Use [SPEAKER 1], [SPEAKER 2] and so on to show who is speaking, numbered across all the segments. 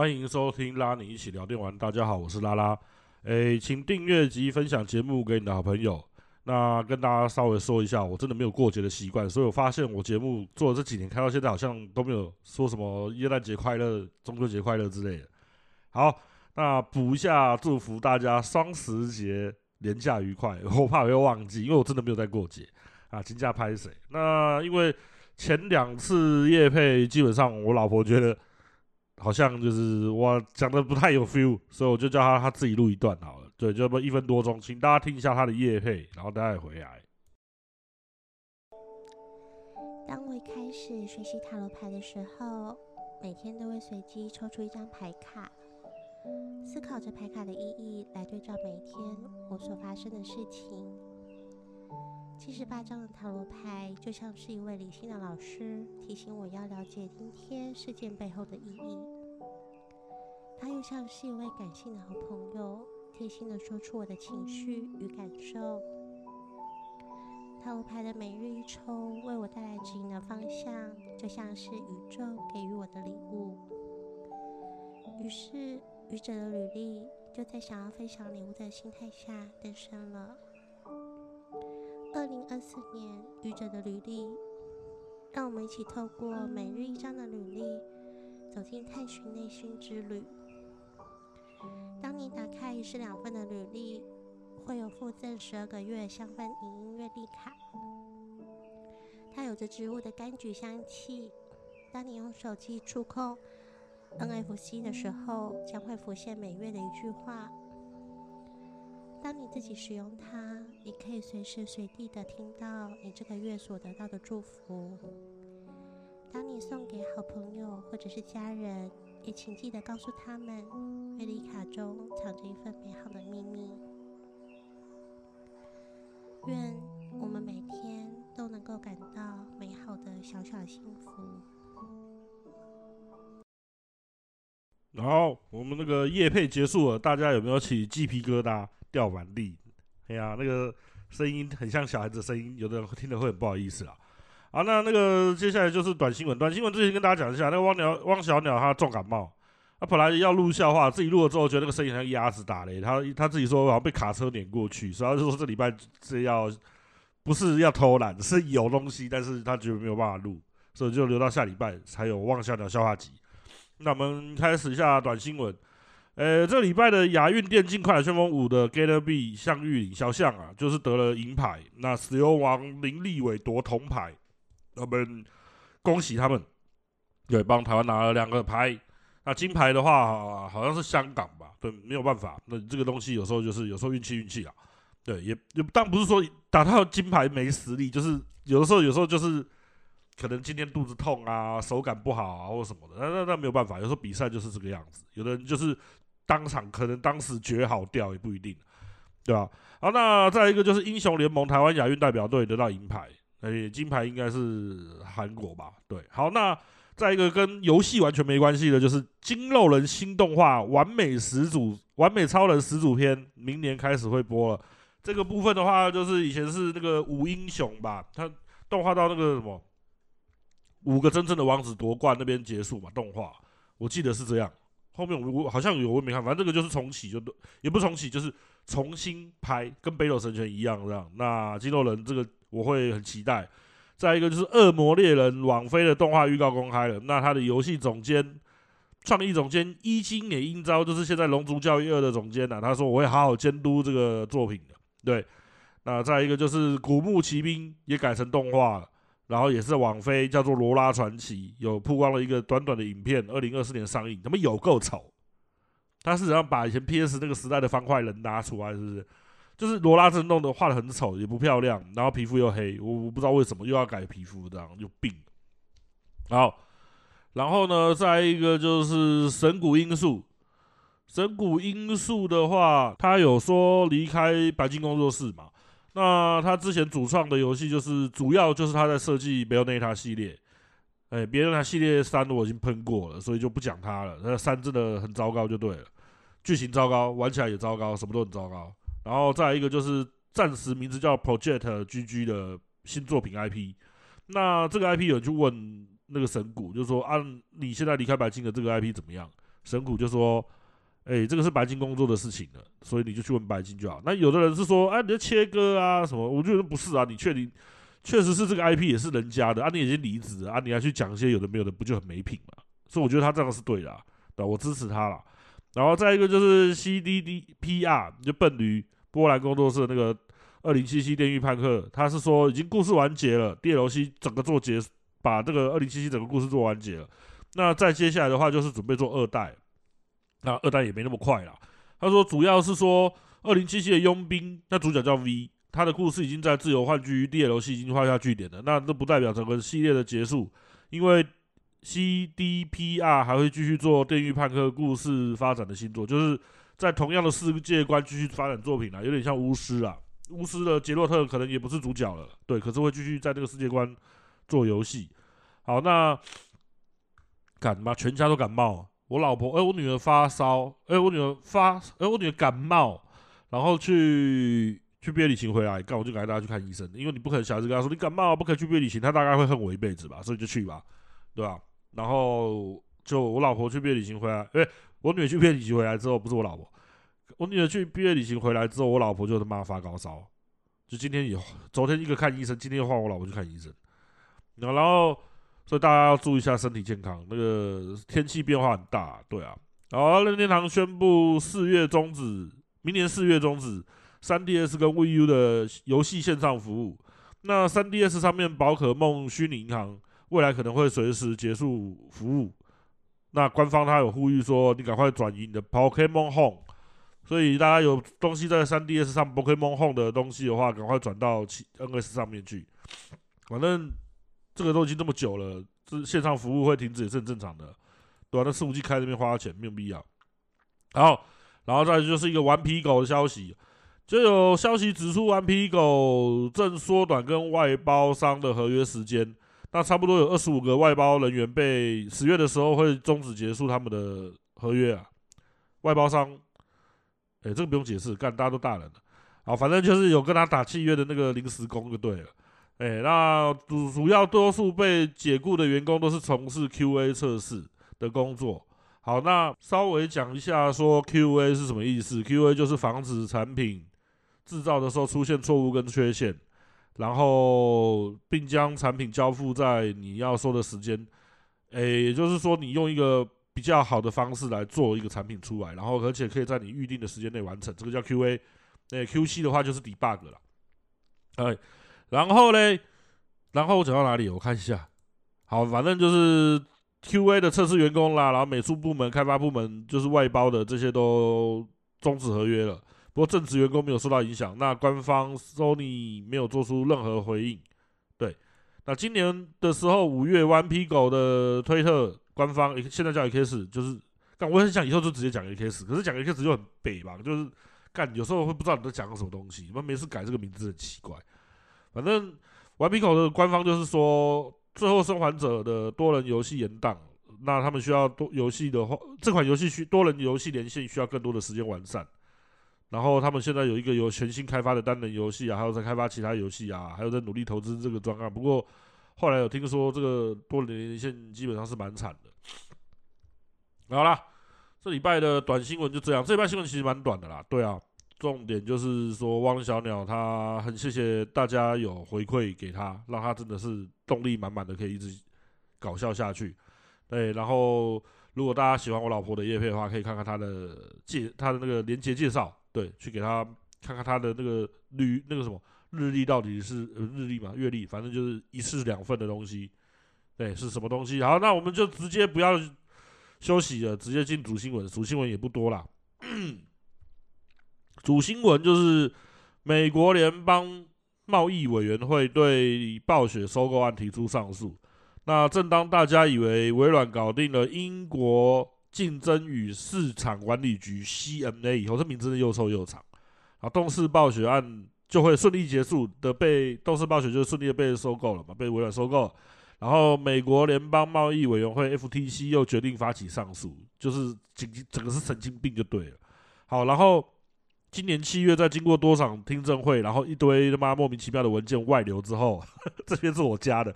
[SPEAKER 1] 歡迎收聽拉你一麒聊電玩，大家好，我是拉拉，哎、欸，請訂閱及分享節目給你的好朋友。那跟大家稍微說一下，我真的沒有過節的習慣，所以我發現我節目做了這幾年，看到現在好像都沒有說什麼耶誕節快樂、中秋節快樂之類的。好，那補一下，祝福大家雙十節連假愉快。我怕我又忘記，因為我真的沒有在過節啊，金價拍謝。那因為前兩次業配，基本上我老婆覺得，好像就是我講的不太有 feel，所以我就叫他他自己錄一段好了。對，就一分多鐘，請大家聽一下他的業配，然後大家回來。
[SPEAKER 2] 當我一開始學習塔羅牌的時候，每天都會隨機抽出一張牌卡，思考着牌卡的意義，來對照每天我所發生的事情。七十八張的塔羅牌，就像是一位理性的老師，提醒我要了解今天事件背後的意義；它又像是一位感性的好朋友，貼心的說出我的情緒與感受。塔羅牌的每日一抽，為我帶來指引的方向，就像是宇宙給予我的禮物。於是，愚者的旅曆就在想要分享禮物的心態下誕生了。二零二四年愚者的旅曆，讓我們一起透過每日一張的旅曆，走進探尋內心之旅。當你打開一式兩份的旅曆，會有附贈十二個月香氛影音月曆卡，它有着植物的柑橘香氣。當你用手機觸控 N F C 的時候，將會浮現每月的一句話。當你自己使用它，你可以隨時隨地的聽到你這個月所得到的祝福。當你送給好朋友或者是家人，也請記得告訴他們，月曆卡中藏着一份美好的秘密。願我們每天都能夠感到美好的小小的幸福。
[SPEAKER 1] 然後我們那個業配結束了，大家有沒有起雞皮疙瘩？掉完粒，哎呀、啊，那個聲音很像小孩子的聲音，有的人聽得會很不好意思啊。好，那那個接下來就是短新聞，短新聞之前跟大家講一下，那個汪鳥汪小鳥他重感冒，他本來要錄笑話，自己錄了之後覺得那個聲音像鴨子打雷，他他自己說好像被卡車碾過去，所以他就說這禮拜是要不是要偷懶，是有東西，但是他覺得沒有辦法錄，所以就留到下禮拜才有汪小鳥笑話集。那我們開始一下短新聞。呃、欸，這個、禮拜的亞運電競《快打旋風五》的 GamerBee 向玉麟小象啊，就是得了銀牌。那石油王林立偉奪銅牌，我們恭喜他們，對，幫台灣拿了兩個牌。那金牌的話，好，好像是香港吧？對，沒有辦法。那這個東西有時候就是，有時候運氣運氣啊。對，也也，但不是說打到金牌沒實力，就是有的時候，有時候就是可能今天肚子痛啊，手感不好啊，或什麼的。那那那沒有辦法，有時候比賽就是這個樣子。有的人就是。當場可能當時絕好掉也不一定，對吧？啊？好，那再一個就是英雄聯盟台灣亞運代表隊得到銀牌，而且金牌應該是韓國吧？對，好，那再一個跟遊戲完全沒關係的，就是《金肉人》新動畫《完美始祖》《完美超人始祖篇》，明年開始會播了。這個部分的話，就是以前是那個五英雄吧，它動畫到那個什麼五個真正的王子奪冠那邊結束嘛？動畫我記得是這樣。後面我我好像有，我也沒看，反正這個就是重啟，就也不重啟，就是重新拍，跟《北斗神拳》一樣這樣。那《肌肉人》這個我會很期待。再一個就是《惡魔獵人》網飛的動畫預告公開了，那他的遊戲總監、創意總監一青也應招，就是現在《龍族教育二》的總監了、啊。他說我會好好監督這個作品的。對，那再一個就是《古墓奇兵》也改成動畫了。然後也是網飛，叫做《羅拉傳奇》，有曝光了一個短短的影片，二零二四年的上映，他們有夠醜！他事實上把以前 PS 那個時代的方塊人拿出來，是不是？就是羅拉真弄的，畫的很醜，也不漂亮，然後皮膚又黑，我我不知道為什麼又要改皮膚，這樣有病。好，然後呢，再一個就是神谷英樹，神谷英樹的話，他有說離開白金工作室嘛？那他之前主創的遊戲就是主要就是他在設計《Bayonetta》系列，哎，《Bayonetta》系列三的我已經噴過了，所以就不講他了。那三真的很糟糕就對了，劇情糟糕，玩起來也糟糕，什麼都很糟糕。然後再來一個就是暫時名字叫 Project GG 的新作品 IP，那這個 IP 有人就問那個神谷，就說啊，你現在離開白金的這個 IP 怎麼樣？神谷就說。誒、欸，這個是白金工作的事情了，所以你就去問白金就好。那有的人是說，哎、啊，你要切割啊什麼？我覺得不是啊，你確定確實是這個 IP 也是人家的啊？你已經離職啊，你還去講一些有的沒有的，不就很沒品嗎？所以我覺得他這樣是對的、啊，對，我支持他了。然後再一個就是 CDDPR，你就笨驢波蘭工作室的那個二零七七電馭叛客，他是說已經故事完結了，DLC 整個做結，把這個二零七七整個故事做完結了。那再接下來的話就是準備做二代。那二代也沒那麼快啦，他說，主要是說二零七七的傭兵，那主角叫 V，他的故事已經在自由幻局 DLC 已經畫下句點了。那這不代表整個系列的結束，因為 CDPR 還會繼續做《電馭叛客》故事發展的新作，就是在同樣的世界觀繼續發展作品啦，有點像巫師啊。巫師的傑洛特可能也不是主角了，對，可是會繼續在這個世界觀做遊戲。好，那感冒全家都感冒。我老婆，哎、欸，我女兒發燒，哎、欸，我女兒發，哎、欸，我女兒感冒，然後去去畢業旅行回來，剛好就趕大家去看醫生，因為你不可能小孩子跟他說你感冒不可以去畢業旅行，他大概會恨我一輩子吧，所以就去吧，對吧，啊？然後就我老婆去畢業旅行回來，哎、欸，我女兒去畢業旅行回來之後，不是我老婆，我女兒去畢業旅行回來之後，我老婆就他媽發高燒，就今天也，昨天一個看醫生，今天又換我老婆去看醫生，那然後，然後所以大家要注意一下身體健康，那個天氣變化很大，對啊。好，任天堂宣布四月中止，明年四月中止，3DS 跟 Wii U 的遊戲線上服務。那 3DS 上面寶可夢虛擬銀行未來可能會隨時結束服務。那官方他有呼籲說，你趕快轉移你的 Pokémon Home。所以大家有東西在 3DS 上 Pokémon Home 的東西的話，趕快轉到 NS 上面去。反正。這個都已經這麼久了，這線上服務會停止也是很正常的，對吧、啊？那伺服器開這邊花錢沒有必要。好，然後再來就是一個頑皮狗的消息，就有消息指出，頑皮狗正縮短跟外包商的合約時間。那差不多有二十五個外包人員被十月的時候會終止結束他們的合約啊。外包商，哎，這個不用解釋，幹大家都大人了啊，反正就是有跟他打契約的那個臨時工就對了。哎、欸，那主主要多數被解僱的員工都是從事 QA 測試的工作。好，那稍微講一下說 QA 是什麼意思？QA 就是防止產品製造的時候出現錯誤跟缺陷，然後並將產品交付在你要說的時間。哎，也就是說，你用一個比較好的方式來做一個產品出來，然後而且可以在你預定的時間內完成，這個叫 QA、欸。那 QC 的話就是 debug 了，哎。然後嘞，然後我講到哪裡？我看一下。好，反正就是 QA 的測試員工啦，然後美術部門、開發部門就是外包的這些都終止合約了。不過正職員工沒有受到影響。那官方 Sony 沒有做出任何回應。對，那今年的時候，五月 One p i 的推特官方，現在叫 A K 四，就是但我很想以後就直接講 A K 四，可是講 A K 四就很北吧？就是幹，有時候會不知道你在講個什麼東西。你們每次改這個名字的很奇怪。反正頑 c o 的官方就是說，《最後生還者》的多人遊戲延檔，那他們需要多遊戲的話，這款遊戲需多人遊戲連線需要更多的時間完善。然後他們現在有一個有全新開發的單人遊戲啊，還有在開發其他遊戲啊，還有在努力投資這個專案。不過後來有聽說這個多人連線基本上是蠻慘的。好啦，這禮拜的短新聞就這樣。這禮拜新聞其實蠻短的啦，對啊。重點就是說，汪小鳥他很謝謝大家有回饋給他，讓他真的是動力滿滿的，可以一直搞笑下去。對，然後如果大家喜歡我老婆的業配的話，可以看看她的介她的那個連接介紹，對，去給她看看她的那個日那個什麼日曆到底是日曆嘛月曆，反正就是一式兩份的東西。對，是什麼東西？好，那我們就直接不要休息了，直接進主新聞，主新聞也不多了，嗯。主新聞就是美國聯邦貿易委員會對暴雪收購案提出上訴。那正當大家以為微軟搞定了英國競爭與市場管理局 （CMA） 以後，這名字又臭又長，啊，動視暴雪案就會順利結束的，被動視暴雪就順利的被收購了嘛，被微軟收購了。然後美國聯邦貿易委員會 （FTC） 又決定發起上訴，就是整整個是神經病就對了。好，然後。今年七月，在經過多場聽證會，然後一堆他媽莫名其妙的文件外流之後， 這邊是我家的。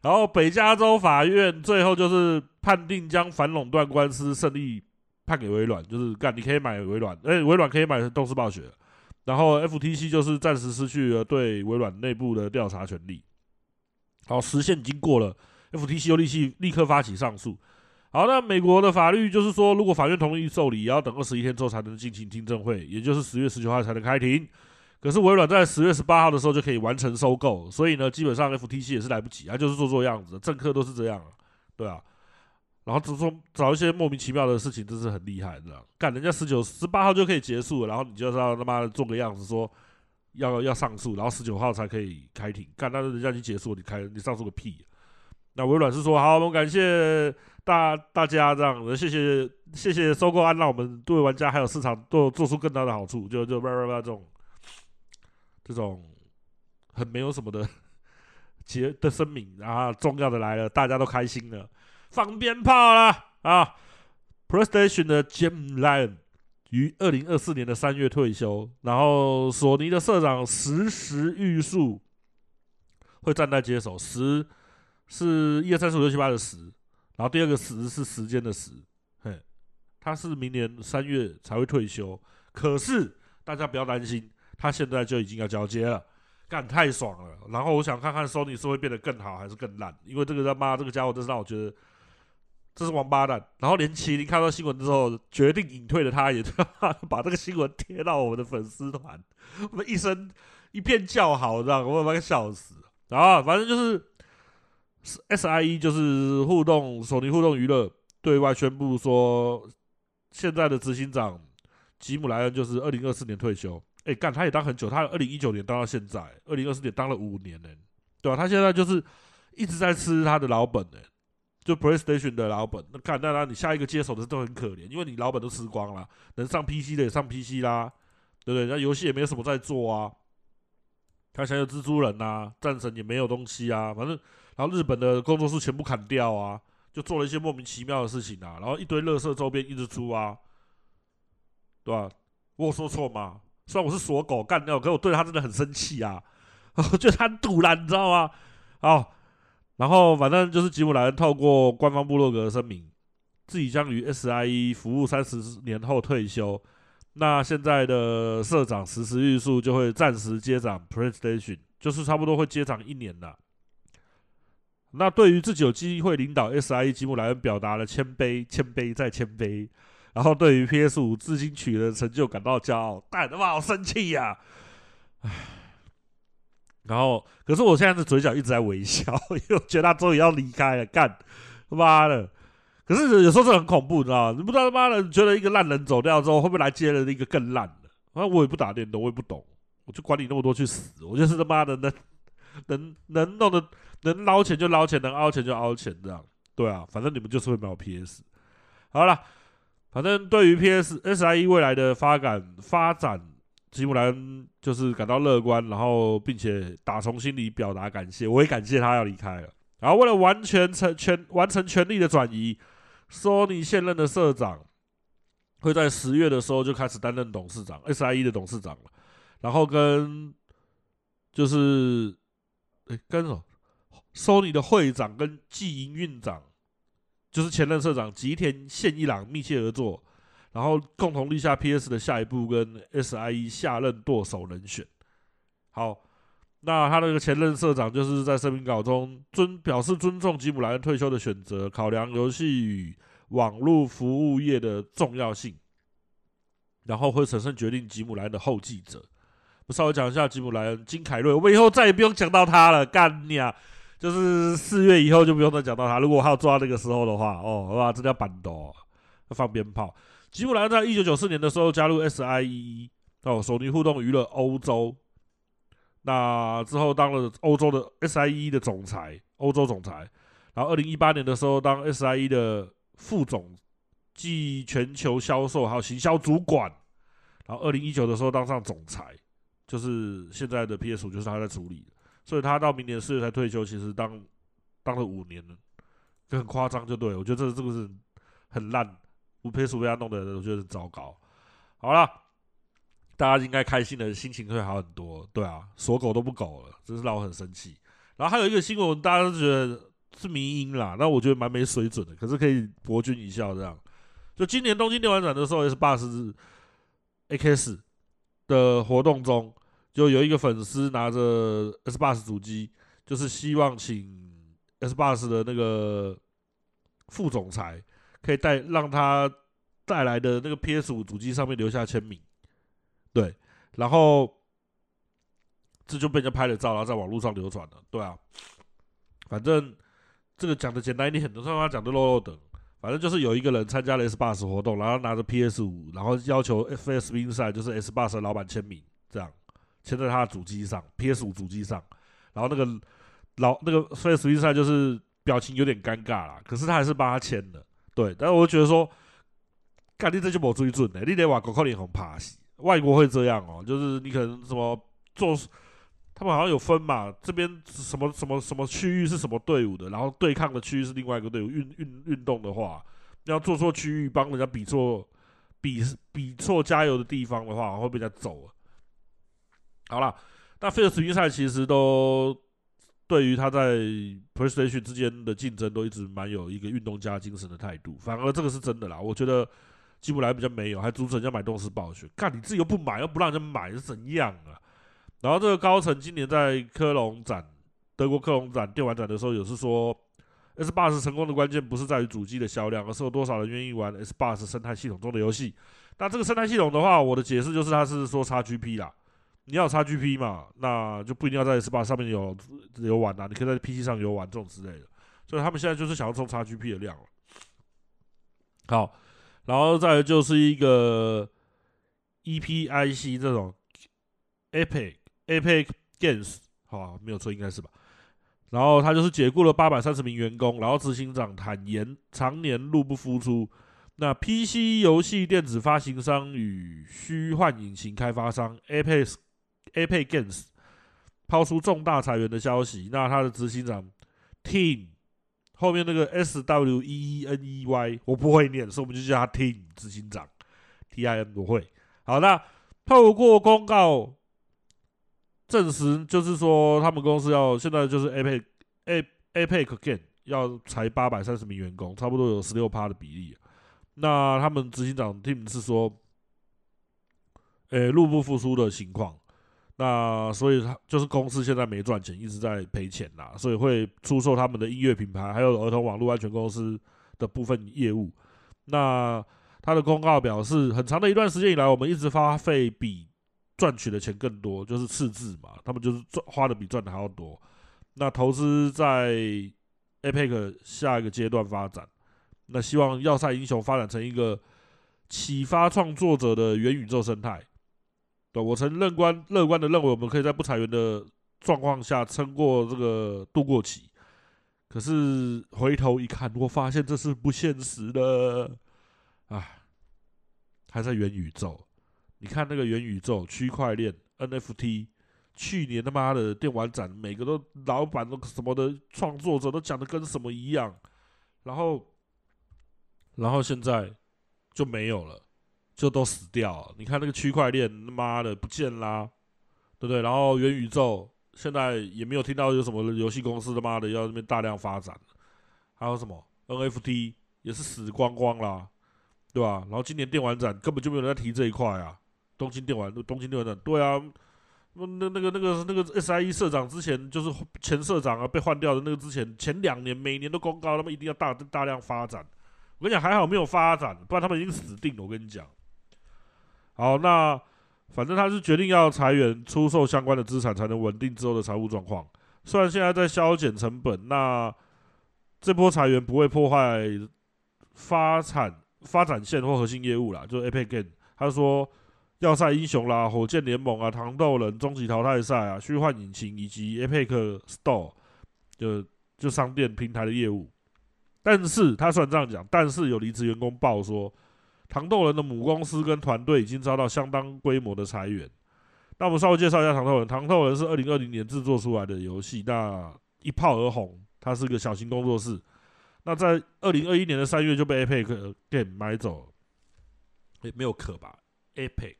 [SPEAKER 1] 然後北加州法院最後就是判定將反壟斷官司勝利判給微軟，就是幹你可以買微軟，哎，微軟可以買動視暴雪。然後 FTC 就是暫時失去了對微軟內部的調查權利。好，時限已經過了，FTC 又立即立刻發起上訴。好，那美國的法律就是說，如果法院同意受理，也要等二十一天之後才能進行聽證會，也就是十月十九號才能開庭。可是微軟在十月十八號的時候就可以完成收購，所以呢，基本上 FTC 也是來不及，啊，就是做做樣子。政客都是這樣，對啊。然後就說找一些莫名其妙的事情，真是很厲害，知道？幹人家十九、十八號就可以結束了，然後你就要他媽做個樣子說，說要要上訴，然後十九號才可以開庭。幹，但是人家已經結束了，你開你上訴個屁啊？那微軟是說好，我們感謝。大大家這樣，謝謝謝謝收購案，讓我們對玩家還有市場做做出更大的好處，就就 very very 這種這種很沒有什麼的結的聲明，然後重要的來了，大家都開心了，放鞭炮了啊，啊！PlayStation 的 Jim Ryan 於二零二四年的三月退休，然後索尼的社長十時裕樹會暫代接手，十是一二三四五六七八的十。然後第二個時是時間的時，嘿，他是明年三月才會退休，可是大家不要擔心，他現在就已經要交接了，幹太爽了。然後我想看看 Sony 是會變得更好還是更爛，因為這個他媽這個傢伙真是讓我覺得這是王八蛋。然後連麒麟看到新聞之後決定隱退了，他也 把這個新聞貼到我們的粉絲團，我們一聲一片叫好，這樣我們把他笑死。然後反正就是。SIE 就是互動索尼互動娛樂對外宣布說，現在的執行長吉姆萊恩就是二零二四年退休。誒，幹他也當很久，他二零一九年當到現在，二零二四年當了五年呢、欸，對吧、啊？他現在就是一直在吃他的老本呢、欸，就 PlayStation 的老本。那幹，那那你下一個接手的都很可憐，因為你老本都吃光了，能上 PC 的也上 PC 啦，對不對？那遊戲也沒有什麼在做啊，他想要蜘蛛人吶、啊，戰神也沒有東西啊，反正。然後日本的工作室全部砍掉啊，就做了一些莫名其妙的事情啊，然後一堆樂色周邊一直出啊，對吧？我有說錯嗎？雖然我是鎖狗幹掉，可我對他真的很生氣啊， 我覺得他很賭爛，你知道嗎？啊，然後反正就是吉姆·萊恩透過官方部落格的聲明，自己將於 SIE 服務三十年後退休。那現在的社長十時裕樹就會暫時接掌 PlayStation 就是差不多會接掌一年的。那對於自己有機會領導 S I E 吉姆萊恩，表達了謙卑，謙卑再謙卑。然後對於 P S 五至今取得的成就感到驕傲。但他媽好生氣呀、啊！唉，然後可是我現在的嘴角一直在微笑，因為我覺得他終於要離開了。幹他媽的。可是有時候是很恐怖，你知道嗎？你不知道他媽的，你覺得一個爛人走掉之後，會不會來接人那一個更爛的？反正我也不打電動，我也不懂，我就管你那麼多去死。我就是他媽的能能能弄的。能撈錢就撈錢，能凹錢就凹錢，這樣對啊，反正你們就是會買我 PS。好了，反正對於 PS SIE 未來的發展，發展吉姆萊恩就是感到樂觀，然後並且打從心裡表達感謝。我也感謝他要離開了。然後為了完全成全完成權力的轉移，Sony 現任的社長會在十月的時候就開始擔任董事長 SIE 的董事長了。然後跟就是哎、欸、跟什麼？索尼的會長跟經營運長，就是前任社長吉田憲一郎密切合作，然後共同立下 PS 的下一步跟 SIE 下任舵手人選。好，那他的前任社長就是在聲明稿中尊表示尊重吉姆萊恩退休的選擇，考量遊戲與網絡服務業的重要性，然後會審慎決定吉姆萊恩的後繼者。我稍微講一下吉姆萊恩金凱瑞，我們以後再也不用講到他了，幹你啊！就是四月以後就不用再講到他。如果還有做到那個時候的話，哦，好吧，這叫扳倒，要放鞭炮。吉姆萊恩在一九九四年的時候加入 SIE 哦，索尼互動娛樂歐洲。那之後當了歐洲的 SIE 的總裁，歐洲總裁。然後二零一八年的時候當 SIE 的副總，兼全球銷售還有行銷主管。然後二零一九的時候當上總裁，就是現在的 PS 五就是他在處理的。所以他到明年四月才退休，其實當當了五年了，就很誇張，就對，我覺得這這個是很爛，我配 S 被他弄的，我覺得很糟糕。好了，大家應該開心的心情會好很多，對啊，索狗都不狗了，真是讓我很生氣。然後還有一個新聞，大家都覺得是迷因啦，那我覺得蠻沒水準的，可是可以博君一笑這樣。就今年東京電玩展的時候，S B 日 A K S 的活動中。就有一個粉絲拿着 Xbox 主機，就是希望請 Xbox 的那個副總裁可以帶讓他帶來的那個 PS5 主機上面留下簽名，對，然後這就被人家拍了照，然後在網絡上流傳了，對啊，反正這個講的簡單一點，很多地方講的囉囉的，反正就是有一個人參加了 Xbox 活動，然後拿着 PS5，然後要求 Phil Spencer，就是 Xbox 的老闆簽名，這樣。簽在他的主機上，PS 五主機上，然後那個老那個所以實際上就是表情有點尷尬啦，可是他還是幫他簽了。對，但是我就覺得說，幹你這就沒水準，欸。你在外國可能會打死外國會這樣哦，喔，就是你可能什麼做，他們好像有分嘛，這邊什麼什麼什麼區域是什麼隊伍的，然後對抗的區域是另外一個隊伍。運運運動的話，要做錯區域，幫人家比錯比比錯加油的地方的話，會被人家揍了。好了，那 Phil Spencer 其實都對於他在 PlayStation 之間的競爭都一直蠻有一個運動家精神的態度，反而這個是真的啦。我覺得吉姆萊比較沒有，還阻止人家買動視暴雪，看你自己又不買，又不讓人家買，是怎樣啊？然後這個高層今年在科隆展、德國科隆展、電玩展的時候，也是說，Xbox 成功的關鍵不是在於主機的銷量，而是有多少人願意玩 Xbox 生態系統中的遊戲。那這個生態系統的話，我的解釋就是，他是說 XGP 啦。你要有 XGP 嘛，那就不一定要在 SPA 上面有遊、遊玩啦、啊，你可以在 PC 上遊玩這種之類的。所以他們現在就是想要衝 XGP 的量了。好，然後再來就是一個 EPIC 這種 Epic Epic Games，好、啊，沒有錯，應該是吧。然後他就是解雇了八百三十名員工，然後執行長坦言長年入不敷出。那 PC 遊戲電子發行商與虛幻引擎開發商 Epic。Epic Games 拋出重大裁員的消息，那他的執行長 Tim 後面那個 S W E E N E Y 我不會念，所以我們就叫他 Tim 執行長 T I M 我會。好，那透過公告證實，就是說他們公司要現在就是 Epic A Epic Games 要裁八百三十名員工，差不多有十六趴的比例、啊。那他們執行長 Tim 是說，哎、欸，入不敷出的情況。那所以他就是公司現在沒賺錢，一直在賠錢啦，所以會出售他們的音樂品牌，還有兒童網絡安全公司的部分業務。那他的公告表示，很長的一段時間以來，我們一直花費比賺取的錢更多，就是赤字嘛。他們就是賺花的比賺的還要多。那投資在 Epic 下一個階段發展，那希望《要塞英雄》發展成一個啟發創作者的元宇宙生態。對，我曾樂觀，樂觀的認為，我們可以在不裁員的狀況下撐過這個度過期。可是回頭一看，我發現這是不現實的，啊。還在元宇宙。你看那個元宇宙、區塊鏈、NFT，去年他媽的電玩展，每個都老板都什麼的創作者都講的跟什麼一樣，然後，然後現在就沒有了。就都死掉，你看那個區塊鏈，他媽的不見啦，對不對？然後元宇宙現在也沒有聽到有什麼遊戲公司他媽的要那邊大量發展，還有什麼 NFT 也是死光光啦，對吧，啊？然後今年電玩展根本就沒有人在提這一塊啊。東京電玩，東京電玩展，對啊，那那個那個那個 SIE 社長之前就是前社長啊，被換掉的那個，之前前兩年每年都公告他們一定要大大量發展，我跟你講還好沒有發展，不然他們已經死定了，我跟你講。好，那反正他是決定要裁員、出售相關的資產，才能穩定之後的財務狀況。雖然現在在削減成本，那這波裁員不會破壞發產發展線或核心業務啦，就是 Epic Games。他說，要塞英雄啦、火箭聯盟啊、糖豆人、終極淘汰賽啊、虛幻引擎以及 Epic Store，就就商店平台的業務。但是他雖然這樣講，但是有離職員工報說。糖豆人的母公司跟團隊已經遭到相當規模的裁員。那我們稍微介紹一下糖豆人。糖豆人是二零二零年制作出來的遊戲，那一炮而紅。它是個小型工作室。那在二零二一年的三月就被 Epic Games 買走了，也、欸、沒有可吧？Epic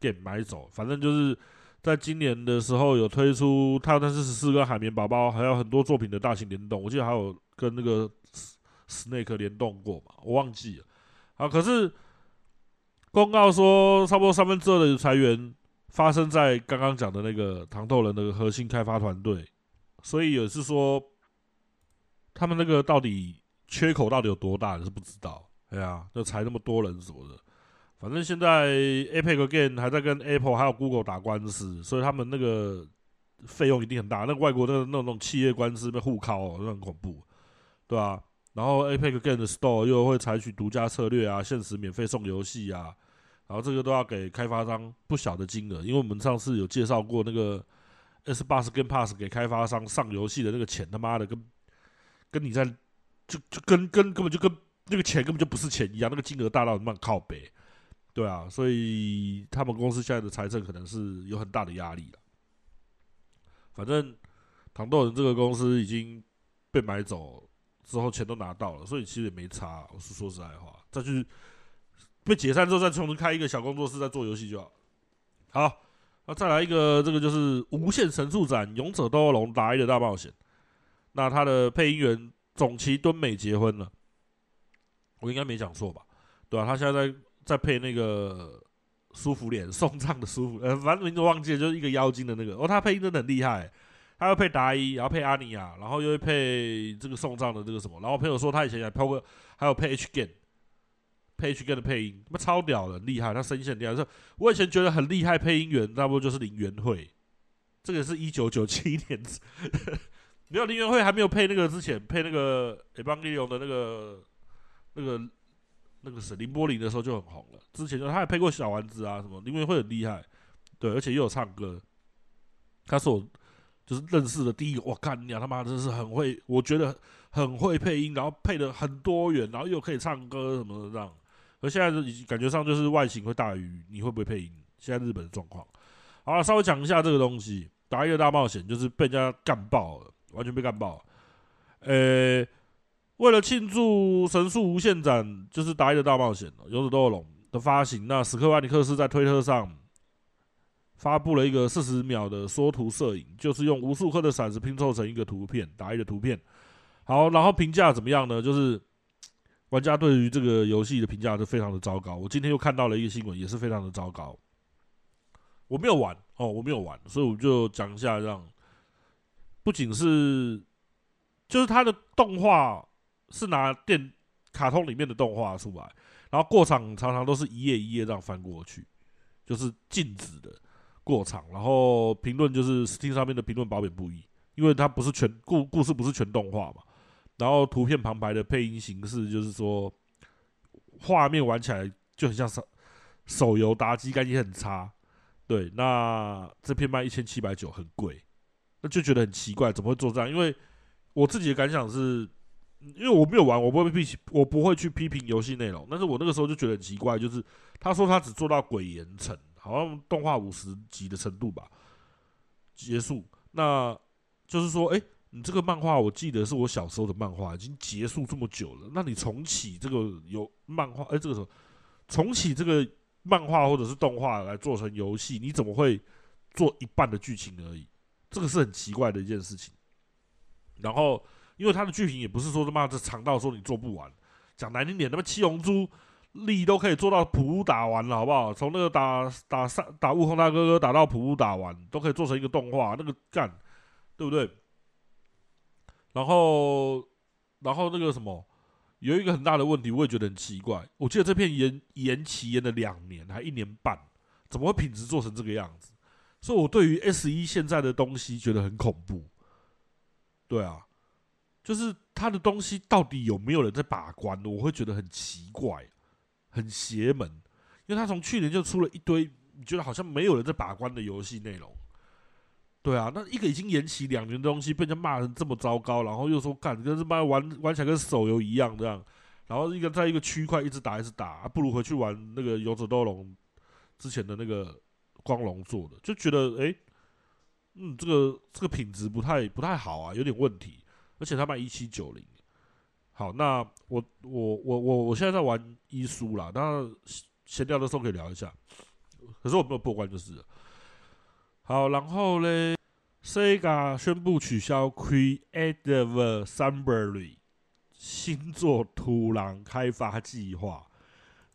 [SPEAKER 1] Games 買走，反正就是在今年的時候有推出它，那是十四個海綿寶寶，還有很多作品的大型聯動。我記得還有跟那個 Snake 聯動過嘛，我忘記了。啊！可是公告說，差不多三分之二的裁員發生在剛剛講的那個糖豆人的核心開發團隊，所以也是說，他們那個到底缺口到底有多大，也是不知道。哎呀，就裁那麼多人什麼的，反正現在 Epic Games 還在跟 Apple 還有 Google 打官司，所以他們那個費用一定很大。那個外國的那種那種企業官司被互敲、哦，都很恐怖，對吧、啊？然後 Epic Game Store 又會採取獨家策略啊，限時免費送遊戲啊，然後這個都要給開發商不小的金額，因為我們上次有介紹過那個 Xbox Game Pass 給開發商上遊戲的那個錢，他媽的跟跟你在就就跟跟根本就跟那個錢根本就不是錢一樣，那個金額大到慢靠北，對啊，所以他們公司現在的財政可能是有很大的壓力了。反正糖豆人這個公司已經被買走。之後錢都拿到了，所以其實也沒差、啊。我是說實在的話，再去被解散之後，再重新開一個小工作室，再做遊戲就好。好、啊，那、啊、再來一個，這個就是《無限神速斬勇者鬥惡龍》達伊的大冒險。那他的配音員種崎敦美結婚了，我應該沒講錯吧？對啊，他現在在在配那個舒服臉送葬的舒服，呃，反正名字忘記了，就是一個妖精的那個。哦，他配音真的很厲害、欸。他要配達伊，然後配阿尼亞，然後又會配這個送葬的這個什麼。然後朋友說他以前也配過，還有配 H Gen，配 H Gen 的配音，他媽超屌了，厲害！他聲線很厲害，說我以前覺得很厲害，配音員那不就是林元慧。這個是一九九七年，你知道林元慧還沒有配那個之前，配那個《Evangelion》的那個、那個、那個是凌波麗的時候就很紅了。之前就他還配過小丸子啊什麼，林元慧很厲害，對，而且又有唱歌。他是我。就是認識的第一個，我看你啊他媽真是很會，我覺得很會配音，然後配的很多元，然後又可以唱歌什麼的這樣。而現在就已經感覺上就是外形會大於你會不會配音，現在日本的狀況。好了，稍微講一下這個東西，《達伊的大冒險》就是被人家幹爆了，完全被幹爆。欸，為了慶祝《神速無限斬》，就是《達伊的大冒險》的《勇者鬥惡龍》的發行，那史克威爾艾尼克斯在推特上。發布了一個四十秒的縮圖攝影，就是用無數顆的骰子拼湊成一個圖片，打一個圖片。好，然後評價怎麼樣呢？就是玩家對於這個遊戲的評價是非常的糟糕。我今天又看到了一個新聞，也是非常的糟糕。我沒有玩哦，我沒有玩，所以我就講一下讓不僅是，就是他的動畫是拿電卡通裡面的動畫出來，然後過場常常都是一頁一頁這樣翻過去，就是靜止的。過場，然後評論就是 Steam 上面的評論褒貶不一，因為它不是全故故事不是全動畫嘛。然後圖片旁白的配音形式，就是說畫面玩起來就很像手手遊打擊感也很差。對，那這片賣一千七百九很貴，那就覺得很奇怪，怎麼會做這樣？因為我自己的感想是，因為我沒有玩，我不會批，我不會去批評遊戲內容。但是我那個時候就覺得很奇怪，就是他說他只做到鬼岩城。好像動畫五十集的程度吧，結束。那就是說，哎、欸，你這個漫畫，我記得是我小時候的漫畫，已經結束這麼久了。那你重啟這個遊漫畫，哎、欸，這個時候重啟這個漫畫或者是動畫來做成遊戲，你怎麼會做一半的劇情而已？這個是很奇怪的一件事情。然後，因為他的劇情也不是說他媽的長到說你做不完，講難聽點，那麼七龍珠。力都可以做到普打完了，好不好？從那個打打上打，打悟空大哥哥打到普打完，都可以做成一個動畫，那個幹，對不對？然後，然後那個什麼，有一個很大的問題，我也覺得很奇怪。我記得這片延延期延了兩年還一年半，怎麼會品質做成這個樣子？所以我對於 SE 現在的東西覺得很恐怖。對啊，就是他的東西到底有沒有人在把關呢？我會覺得很奇怪。很邪門，因為他從去年就出了一堆，你覺得好像沒有人在把關的遊戲內容。對啊，那一個已經延期兩年的東西，被人家罵成這麼糟糕，然後又說幹，跟他媽玩玩起來跟手遊一樣這樣，然後一個在一個區塊一直打一直打、啊，不如回去玩那個《勇者鬥龍》之前的那個光榮做的，就覺得哎、欸，嗯，這個這個品質不太不太好啊，有點問題，而且他賣一七九零。好，那我我我我我現在在玩醫書啦。那閒聊的時候可以聊一下，可是我沒有破關就是。好，然後咧，Sega 宣布取消 Creative Assembly 新作土狼開發計劃。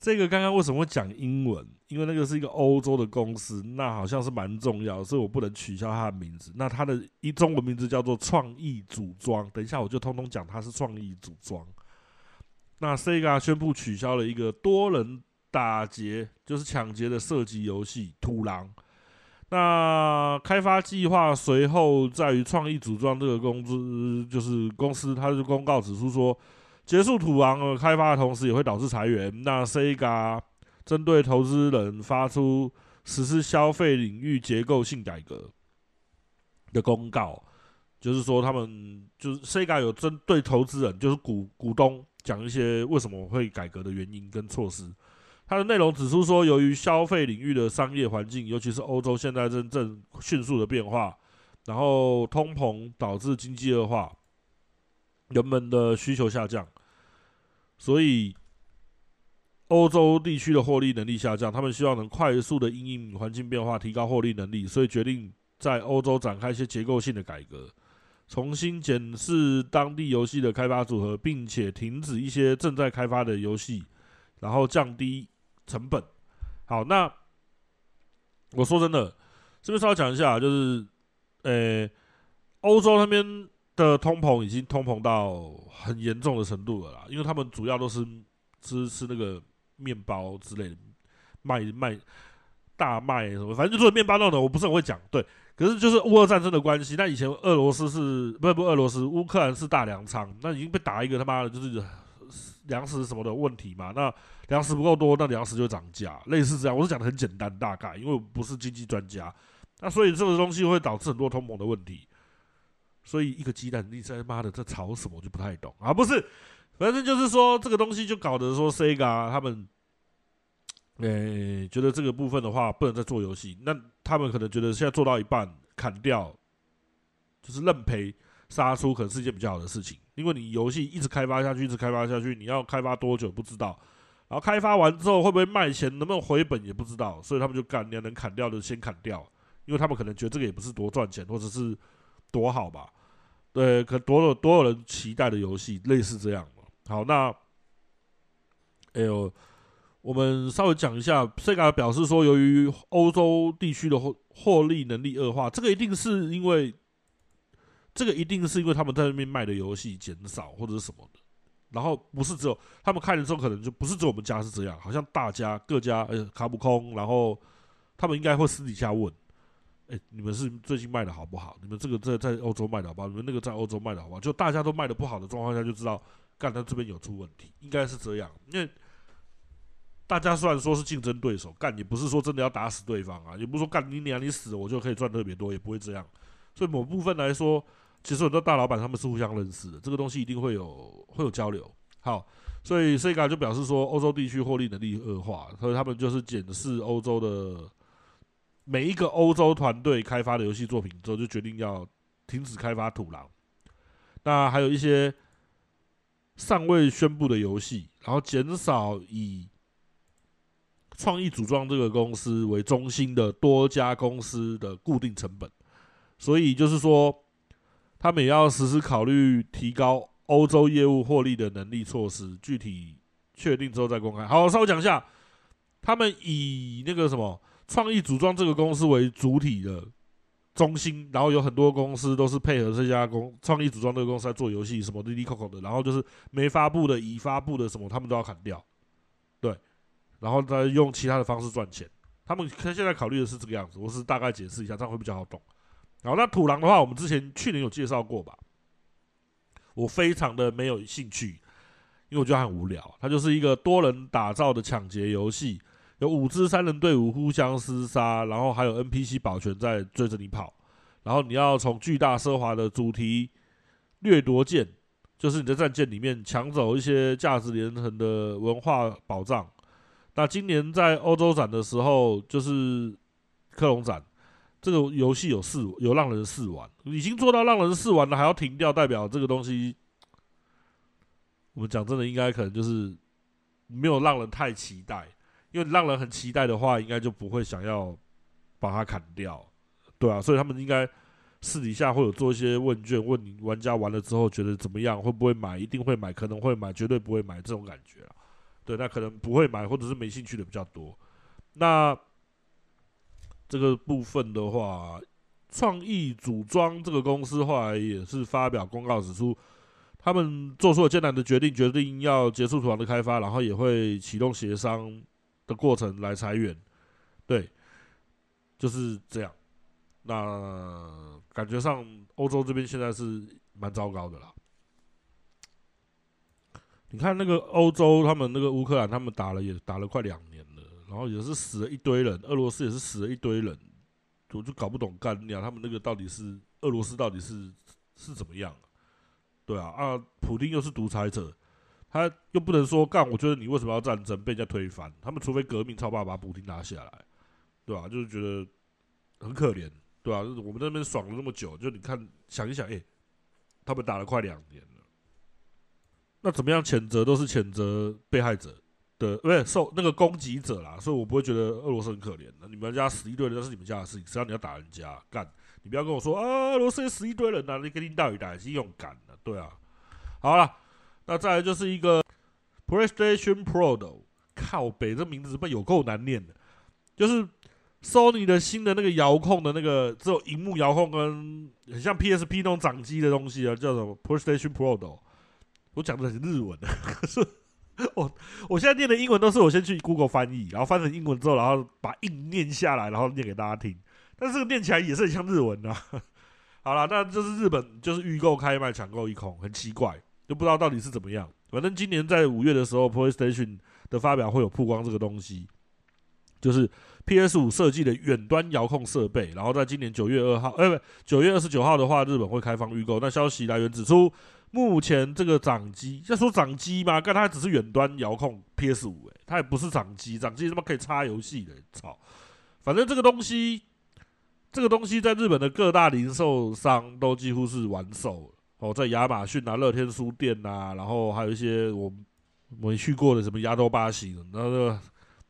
[SPEAKER 1] 這個剛剛為什麼會講英文？因為那個是一個歐洲的公司，那好像是蠻重要，所以我不能取消他的名字。那他的一中文名字叫做創意組裝。等一下我就通通講他是創意組裝。那 Sega 宣佈取消了一個多人打劫，就是搶劫的射擊遊戲《土狼》。那開發計划隨後在於創意組裝這個公司，就是公司，它的公告指出說。結束土狼呃開發的同時，也會導致裁員。那 Sega 針對投資人發出實施消費領域結構性改革的公告，就是說他們就是 Sega 有針對投資人，就是股股東講一些為什麼會改革的原因跟措施。它的內容指出說，由於消費領域的商業環境，尤其是歐洲現在正正迅速的變化，然後通膨導致經濟惡化，人們的需求下降。所以，歐洲地區的獲利能力下降，他們希望能快速的因應環境變化，提高獲利能力，所以決定在歐洲展開一些結構性的改革，重新檢視當地遊戲的開發組合，並且停止一些正在開發的遊戲，然後降低成本。好，那我說真的，這邊稍微講一下，就是呃，欸，歐洲那邊，的通膨已經通膨到很嚴重的程度了啦，因為他們主要都是吃吃，吃那個麵包之類的賣賣，賣大麥什麼，反正就是麵包那種，我不是很會講。對，可是就是烏俄戰爭的關係，那以前俄羅斯是不，不是俄羅斯，烏克蘭是大糧倉，那已經被打一個他媽的，就是糧食什麼的問題嘛。那糧食不夠多，那糧食就漲價，類似這樣。我是講的很簡單大概，因為我不是經濟專家，那所以這個東西會導致很多通膨的問題。所以一個雞蛋，你在媽的在吵什麼？我就不太懂啊！不是，反正就是說這個東西就搞得說 Sega 他們、欸，誒覺得這個部分的話不能再做遊戲，那他們可能覺得現在做到一半砍掉，就是認賠殺出，可能是一件比較好的事情。因為你遊戲一直開發下去，一直開發下去，你要開發多久不知道，然後開發完之後會不會賣錢，能不能回本也不知道，所以他們就幹，你要能砍掉的先砍掉，因為他們可能覺得這個也不是多賺錢，或者是多好吧。對，可多了，多有人期待的遊戲，類似這樣。好，那，哎呦，我們稍微講一下，Sega 表示說，由於歐洲地區的獲獲利能力惡化，這個一定是因為，這個一定是因為他們在那邊賣的遊戲減少或者是什麼的。然後不是只有他們開的時候，可能就不是只有我們家是這樣，好像大家各家，哎呦卡普空，然後他們應該會私底下問。哎、欸，你們是最近賣的好不好？你們這個在在歐洲賣的好不好？你們那個在歐洲賣的好不好？就大家都賣的不好的狀況下，就知道幹，他這邊有出問題，應該是這樣。因為大家雖然說是競爭對手，幹也不是說真的要打死對方啊，也不是說幹你娘你死，我就可以賺特別多，也不會這樣。所以某部分來說，其實很多大老闆他們是互相認識的，這個東西一定會有會有交流。好，所以 Sega 就表示說，歐洲地區獲利能力惡化，所以他們就是檢視歐洲的。每一個歐洲團隊開發的遊戲作品之後，就決定要停止開發土狼，那還有一些尚未宣布的遊戲，然後減少以創意組裝這個公司為中心的多家公司的固定成本。所以就是說，他們也要實時考慮提高歐洲業務獲利的能力措施。具體確定之後再公開。好，稍微講一下，他們以那個什麼。創意組裝這個公司為主體的中心，然後有很多公司都是配合這家公創意組裝這個公司在做遊戲，什麼哩哩扣扣的，然後就是沒發布的、已發布的什麼，他們都要砍掉。對，然後再用其他的方式賺錢。他們現在考慮的是這個樣子，我是大概解釋一下，這樣會比較好懂。然後那土狼的話，我們之前去年有介紹過吧？我非常的沒有興趣，因為我覺得很無聊。它就是一個多人打造的搶劫遊戲。有五支三人隊伍互相廝殺，然後還有 NPC 保全在追着你跑，然後你要從巨大奢華的主題掠奪艦，就是你的戰艦裡面搶走一些價值連城的文化寶藏。那今年在歐洲展的時候，就是科隆展，這個遊戲有試有讓人試玩，已經做到讓人試玩了，還要停掉，代表這個東西，我們講真的應該可能就是沒有讓人太期待。因為讓人很期待的話，應該就不會想要把它砍掉，對啊，所以他們應該私底下會有做一些問卷，問玩家玩了之後覺得怎麼樣，會不會買？一定會買，可能會買，絕對不會買這種感覺對。那可能不會買或者是沒興趣的比較多。那這個部分的話，創意組裝這個公司後來也是發表公告指出，他們做出了艱難的決定，決定要結束土狼的開發，然後也會啟動協商，的過程來裁員，對，就是這樣。那感覺上，歐洲這邊現在是蠻糟糕的啦。你看那個歐洲，他們那個烏克蘭，他們打了也打了快兩年了，然後也是死了一堆人，俄羅斯也是死了一堆人，我就搞不懂幹娘、啊、他們那個到底是俄羅斯到底是是，是怎麼樣、啊？對啊，啊，普丁又是獨裁者。他又不能說幹，我覺得你為什麼要戰爭？被人家推翻，他們除非革命超霸把補丁拿下來，對吧、啊？就是覺得很可憐，對吧、啊？就是、我們在那邊爽了那麼久，就你看想一想，哎、欸，他們打了快兩年了，那怎麼樣？譴責都是譴責被害者的，不、欸、是受那個攻擊者啦。所以我不會覺得俄羅斯很可憐、啊。你們家死一堆人那是你們家的事情，只要你要打人家幹、啊，你不要跟我說啊，俄羅斯也死一堆人啊，你跟你倒一打是用幹的，對啊。好了。那再來就是一個 PlayStation Portal，靠北，這名字是不有夠難念的？就是 Sony 的新的那個遙控的那個，只有熒幕遙控跟很像 PSP 那種掌機的東西啊，叫什麼 PlayStation Portal。我講的是日文、啊，可是，我我現在念的英文都是我先去 Google 翻譯，然後翻成英文之後，然後把音念下來，然後念給大家聽。但這個念起來也是很像日文啊。好了，那就是日本，就是預購開賣搶購一空，很奇怪。就不知道到底是怎麼樣。反正今年在五月的時候，PlayStation 的發表會有曝光這個東西，就是 PS 五設計的遠端遙控設備。然後在今年九月二號，呃，不，九月二十九號的話，日本會開放預購。那消息來源指出，目前這個掌機，要說掌機嗎？但它只是遠端遙控 PS 五、欸，哎，它也不是掌機，掌機他媽可以插遊戲的、欸，操！反正這個東西，這個東西在日本的各大零售商都幾乎是完售了。哦，在亞馬遜啊、樂天書店吶、啊，然後還有一些我沒去過的，什麼亞洲巴西，的那個，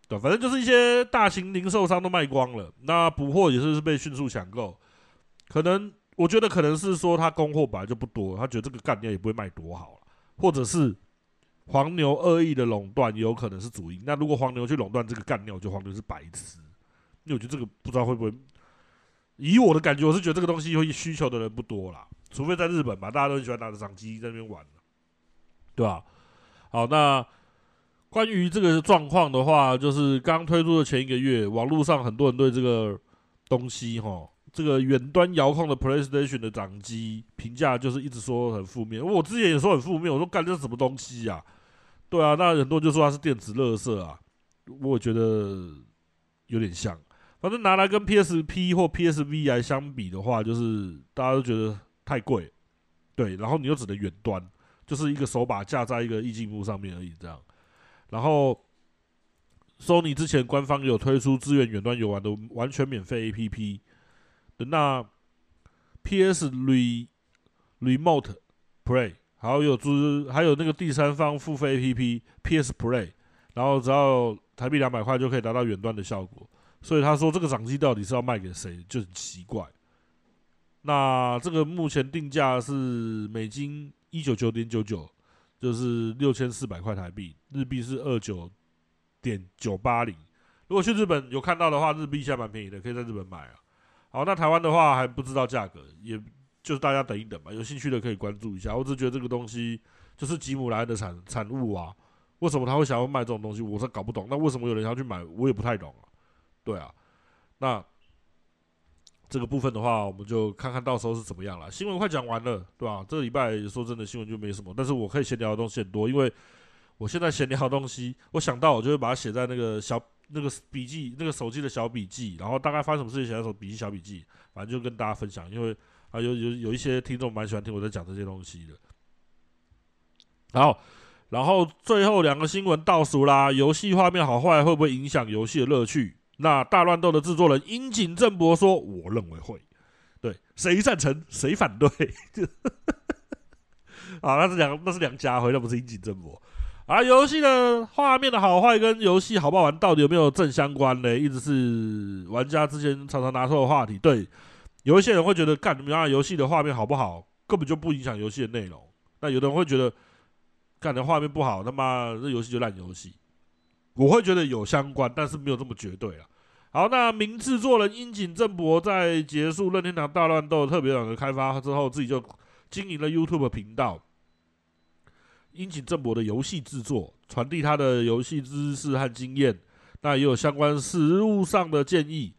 [SPEAKER 1] 對，反正就是一些大型零售商都賣光了。那補貨也是被迅速搶購，可能我覺得可能是說他供貨本來就不多，他覺得這個乾尿也不會賣多好了，或者是黃牛惡意的壟斷也有可能是主因。那如果黃牛去壟斷這個乾尿，就黃牛是白痴。因為我覺得這個不知道會不會，以我的感覺，我是覺得這個東西會需求的人不多啦。除非在日本吧，大家都很喜歡拿着掌機在那邊玩、啊，對吧、啊？好，那關於這個狀況的話，就是剛推出的前一個月，網絡上很多人對這個東西齁，這個遠端遙控的 PlayStation 的掌機評價就是一直說很負面。我之前也說很負面，我說幹這是什麼東西啊？對啊，那很多人就說它是電子垃圾啊。我覺得有點像，反正拿來跟 PSP 或 PSV 來相比的話，就是大家都覺得。太貴，對，然後你又只能遠端，就是一個手把架在一個液晶螢幕上面而已，這樣。然後，索尼之前官方有推出支援遠端遊玩的完全免費 A P P，那 P S Re Remote Play，還有就是還有那個第三方付費 A P P P S Play，然後只要台幣兩百塊就可以達到遠端的效果。所以他說這個掌機到底是要賣給誰，就很奇怪。那這個目前定價是美金一九九點九九，就是六千四百塊台幣，日幣是二九點九八零。如果去日本有看到的話，日幣一下蠻便宜的，可以在日本買啊。好，那台灣的話還不知道價格，也就是大家等一等吧。有興趣的可以關注一下。我只覺得這個東西就是吉姆萊恩的產產物啊，為什麼他會想要賣這種東西，我是搞不懂。那為什麼有人想要去買，我也不太懂啊。對啊，那。這個部分的話，我們就看看到時候是怎麼樣了。新聞快講完了，對吧？這個禮拜也說真的新聞就沒什麼，但是我可以閒聊的東西很多，因為我現在閒聊好東西，我想到我就會把它寫在那個小那個筆記、那個手機的小筆記，然後大概發生什麼事情寫在手機小筆記，反正就跟大家分享。因為啊，有有有一些聽眾蠻喜歡聽我在講這些東西的。好，然後最後兩個新聞倒數啦，遊戲畫面好壞會不會影響遊戲的樂趣？那大亂鬥的製作人櫻井政博說：“我認為會，對，誰贊成誰反對。 ”啊，那是兩那是兩家，回那不是櫻井政博。啊，遊戲的畫面的好壞跟遊戲好不好玩到底有沒有正相關呢？一直是玩家之間常常拿錯的話題。對，有一些人會覺得，幹你們遊戲的畫面好不好，根本就不影響遊戲的內容。那有的人會覺得，幹的畫面不好，他媽這遊戲就爛遊戲。我會覺得有相關，但是沒有這麼絕對了。好，那名制作人櫻井政博在結束《任天堂大亂鬥》特別版的開發之後，自己就經營了 YouTube 頻道。櫻井政博的遊戲制作，傳遞他的遊戲知識和經驗，那也有相關實務上的建議。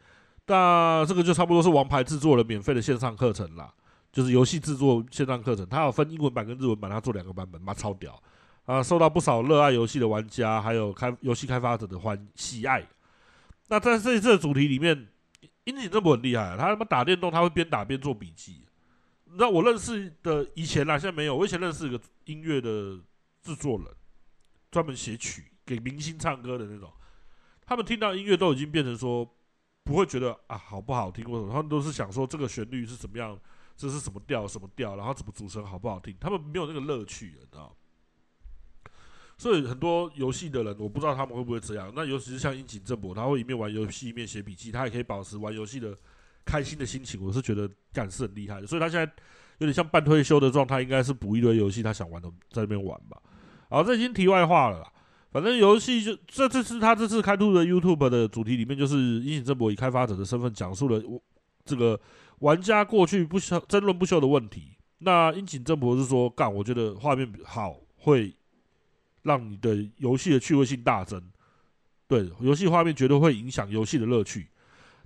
[SPEAKER 1] 那這個就差不多是王牌制作人免費的線上課程了，就是遊戲制作線上課程。他有分英文版跟日文版，他做兩個版本，媽超屌。啊，受到不少熱愛遊戲的玩家，還有開遊戲開發者的歡喜愛。那在這一次的主題裡面，英子這們很厲害，啊，他們打電動邊打邊，啊，他會邊打邊做筆記。那我認識的以前啦，啊，現在沒有。我以前認識一個音樂的制作人，專門寫曲給明星唱歌的那種。他們聽到音樂都已經變成說不會覺得啊好不好聽，為什麼？他們都是想說這個旋律是怎麼樣，這是什麼調什麼調，然後怎麼組成好不好聽？他們沒有那個樂趣了，你知道。所以很多遊戲的人，我不知道他們會不會這樣。那尤其是像櫻井政博，他會一面玩遊戲一面寫筆記，他也可以保持玩遊戲的開心的心情。我是覺得幹是很厲害的，所以他現在有點像半退休的狀態，應該是補一堆遊戲他想玩的在那邊玩吧。好，這已經題外話了啦。反正遊戲就這，這次他這次開播的 YouTube 的主題裡面，就是櫻井政博以開發者的身份講述了這個玩家過去不爭論不休的問題。那櫻井政博是說：“干，我覺得畫面好會。”讓你的遊戲的趣味性大增對，對遊戲畫面絕對會影響遊戲的樂趣。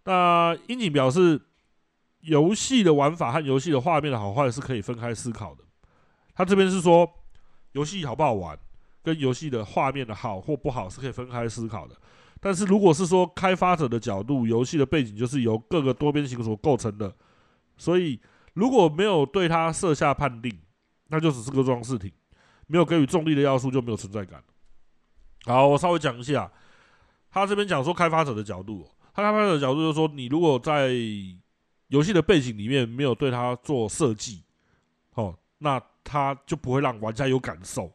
[SPEAKER 1] 那櫻井表示，遊戲的玩法和遊戲的畫面的好壞是可以分開思考的。他這邊是說，遊戲好不好玩，跟遊戲的畫面的好或不好是可以分開思考的。但是如果是說開發者的角度，遊戲的背景就是由各個多邊形所構成的，所以如果沒有對它設下判定，那就只是個裝飾品。沒有給予重力的要素就沒有存在感。好，我稍微講一下，他這邊講說開發者的角度、哦，他開發者的角度就是說，你如果在遊戲的背景裡面沒有對他做設計，哦，那他就不會讓玩家有感受，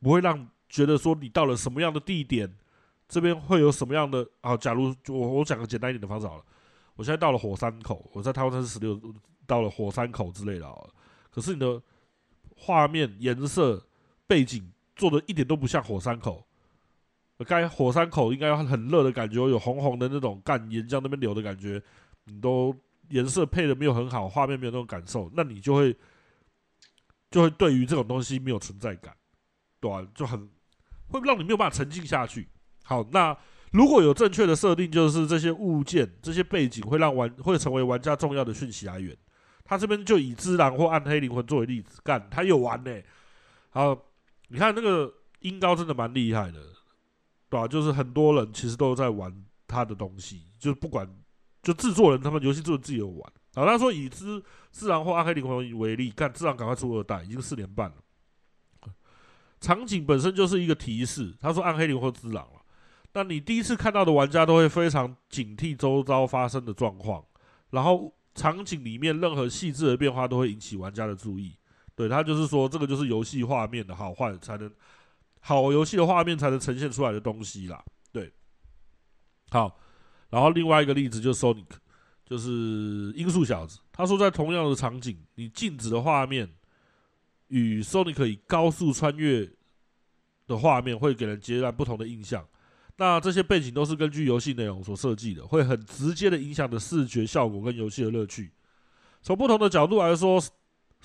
[SPEAKER 1] 不會讓覺得說你到了什麼樣的地點，這邊會有什麼樣的啊、哦？假如就我我講個簡單一點的方式好了，我現在到了火山口，我在台灣山十六到了火山口之類的，可是你的畫面顏色。背景做的一點都不像火山口，該火山口應該很熱的感覺，有紅紅的那種乾岩漿那邊流的感覺，你都顏色配的沒有很好，畫面沒有那種感受，那你就會就會對於這種東西沒有存在感，對吧、啊？就很會讓你沒有辦法沉浸下去。好，那如果有正確的設定，就是這些物件、這些背景會讓玩、會成為玩家重要的訊息來源。他這邊就以《自然》或《暗黑靈魂》作為例子，幹他有玩呢、欸，好。你看那個音高真的蠻厲害的，對吧、啊？就是很多人其實都在玩他的東西，就是不管就製作人他們遊戲就是自己有玩。然後他說以隻狼或暗黑靈魂為例，隻狼趕快出二代，已經四年半了。場景本身就是一個提示。他說暗黑靈魂隻狼了，但你第一次看到的玩家都會非常警惕周遭發生的狀況，然後場景裡面任何細緻的變化都會引起玩家的注意。對，他就是說，這個就是遊戲畫面的好壞才能好遊戲的畫面才能呈現出來的東西啦。對，好，然後另外一個例子就是 Sonic，就是音速小子。他說，在同樣的場景，你靜止的畫面與 Sonic 以高速穿越的畫面，會給人截然不同的印象。那這些背景都是根據遊戲內容所設計的，會很直接的影響的視覺效果跟遊戲的樂趣。從不同的角度來說。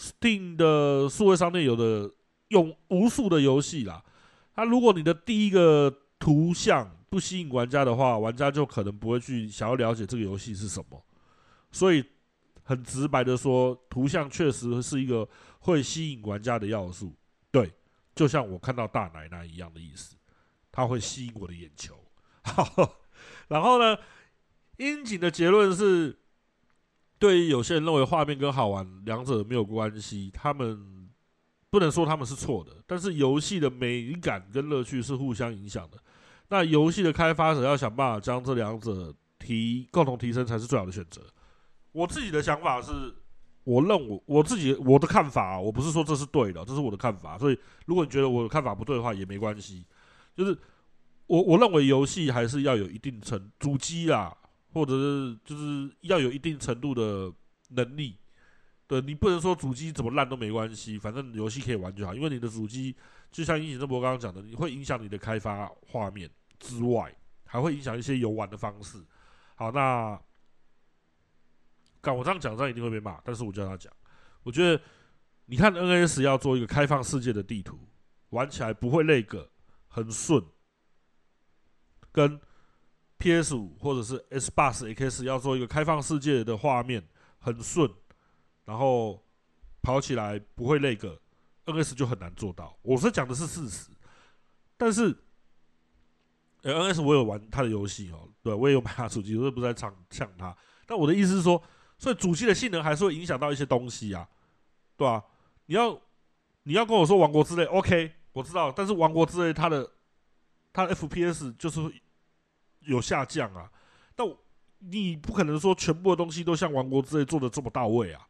[SPEAKER 1] Steam 的數位商店有的用無數的遊戲啦，那如果你的第一個圖像不吸引玩家的話，玩家就可能不會去想要了解這個遊戲是什麼。所以很直白的說，圖像確實是一個會吸引玩家的要素。對，就像我看到大奶奶一樣的意思，它會吸引我的眼球。好，然後呢，櫻井的結論是。對於有些人認為畫面跟好玩兩者沒有關係，他們不能說他們是錯的，但是遊戲的美感跟樂趣是互相影響的。那遊戲的開發者要想辦法將這兩者提共同提升才是最好的選擇。我自己的想法是，我認為我自己我的看法，我不是說這是對的，這是我的看法。所以如果你覺得我的看法不對的話也沒關係，就是我我認為遊戲還是要有一定程主機啦、啊。或者是就是要有一定程度的能力對，對你不能說主機怎麼爛都沒關係，反正遊戲可以玩就好。因為你的主機就像櫻井政博剛剛講的，你會影響你的開發畫面之外，還會影響一些遊玩的方式。好，那，幹我這樣講，這樣一定會被罵，但是我就要講。我覺得你看 NS 要做一個開放世界的地圖，玩起來不會那個很順，跟。P S 五或者是 S P A S X 要做一個開放世界的畫面很順，然後跑起來不會那個 N S 就很難做到。我是講的是事實，但是、欸、N S 我有玩他的遊戲哦，對，我也有買他主機，我也不是在唱嗆他。但我的意思是說，所以主機的性能還是會影響到一些東西啊，對吧、啊？你要你要跟我說王國之淚，OK，我知道，但是王國之淚它的它的 F P S 就是。有下降啊，但我你不可能說全部的東西都像王國之淚做的這麼到位啊，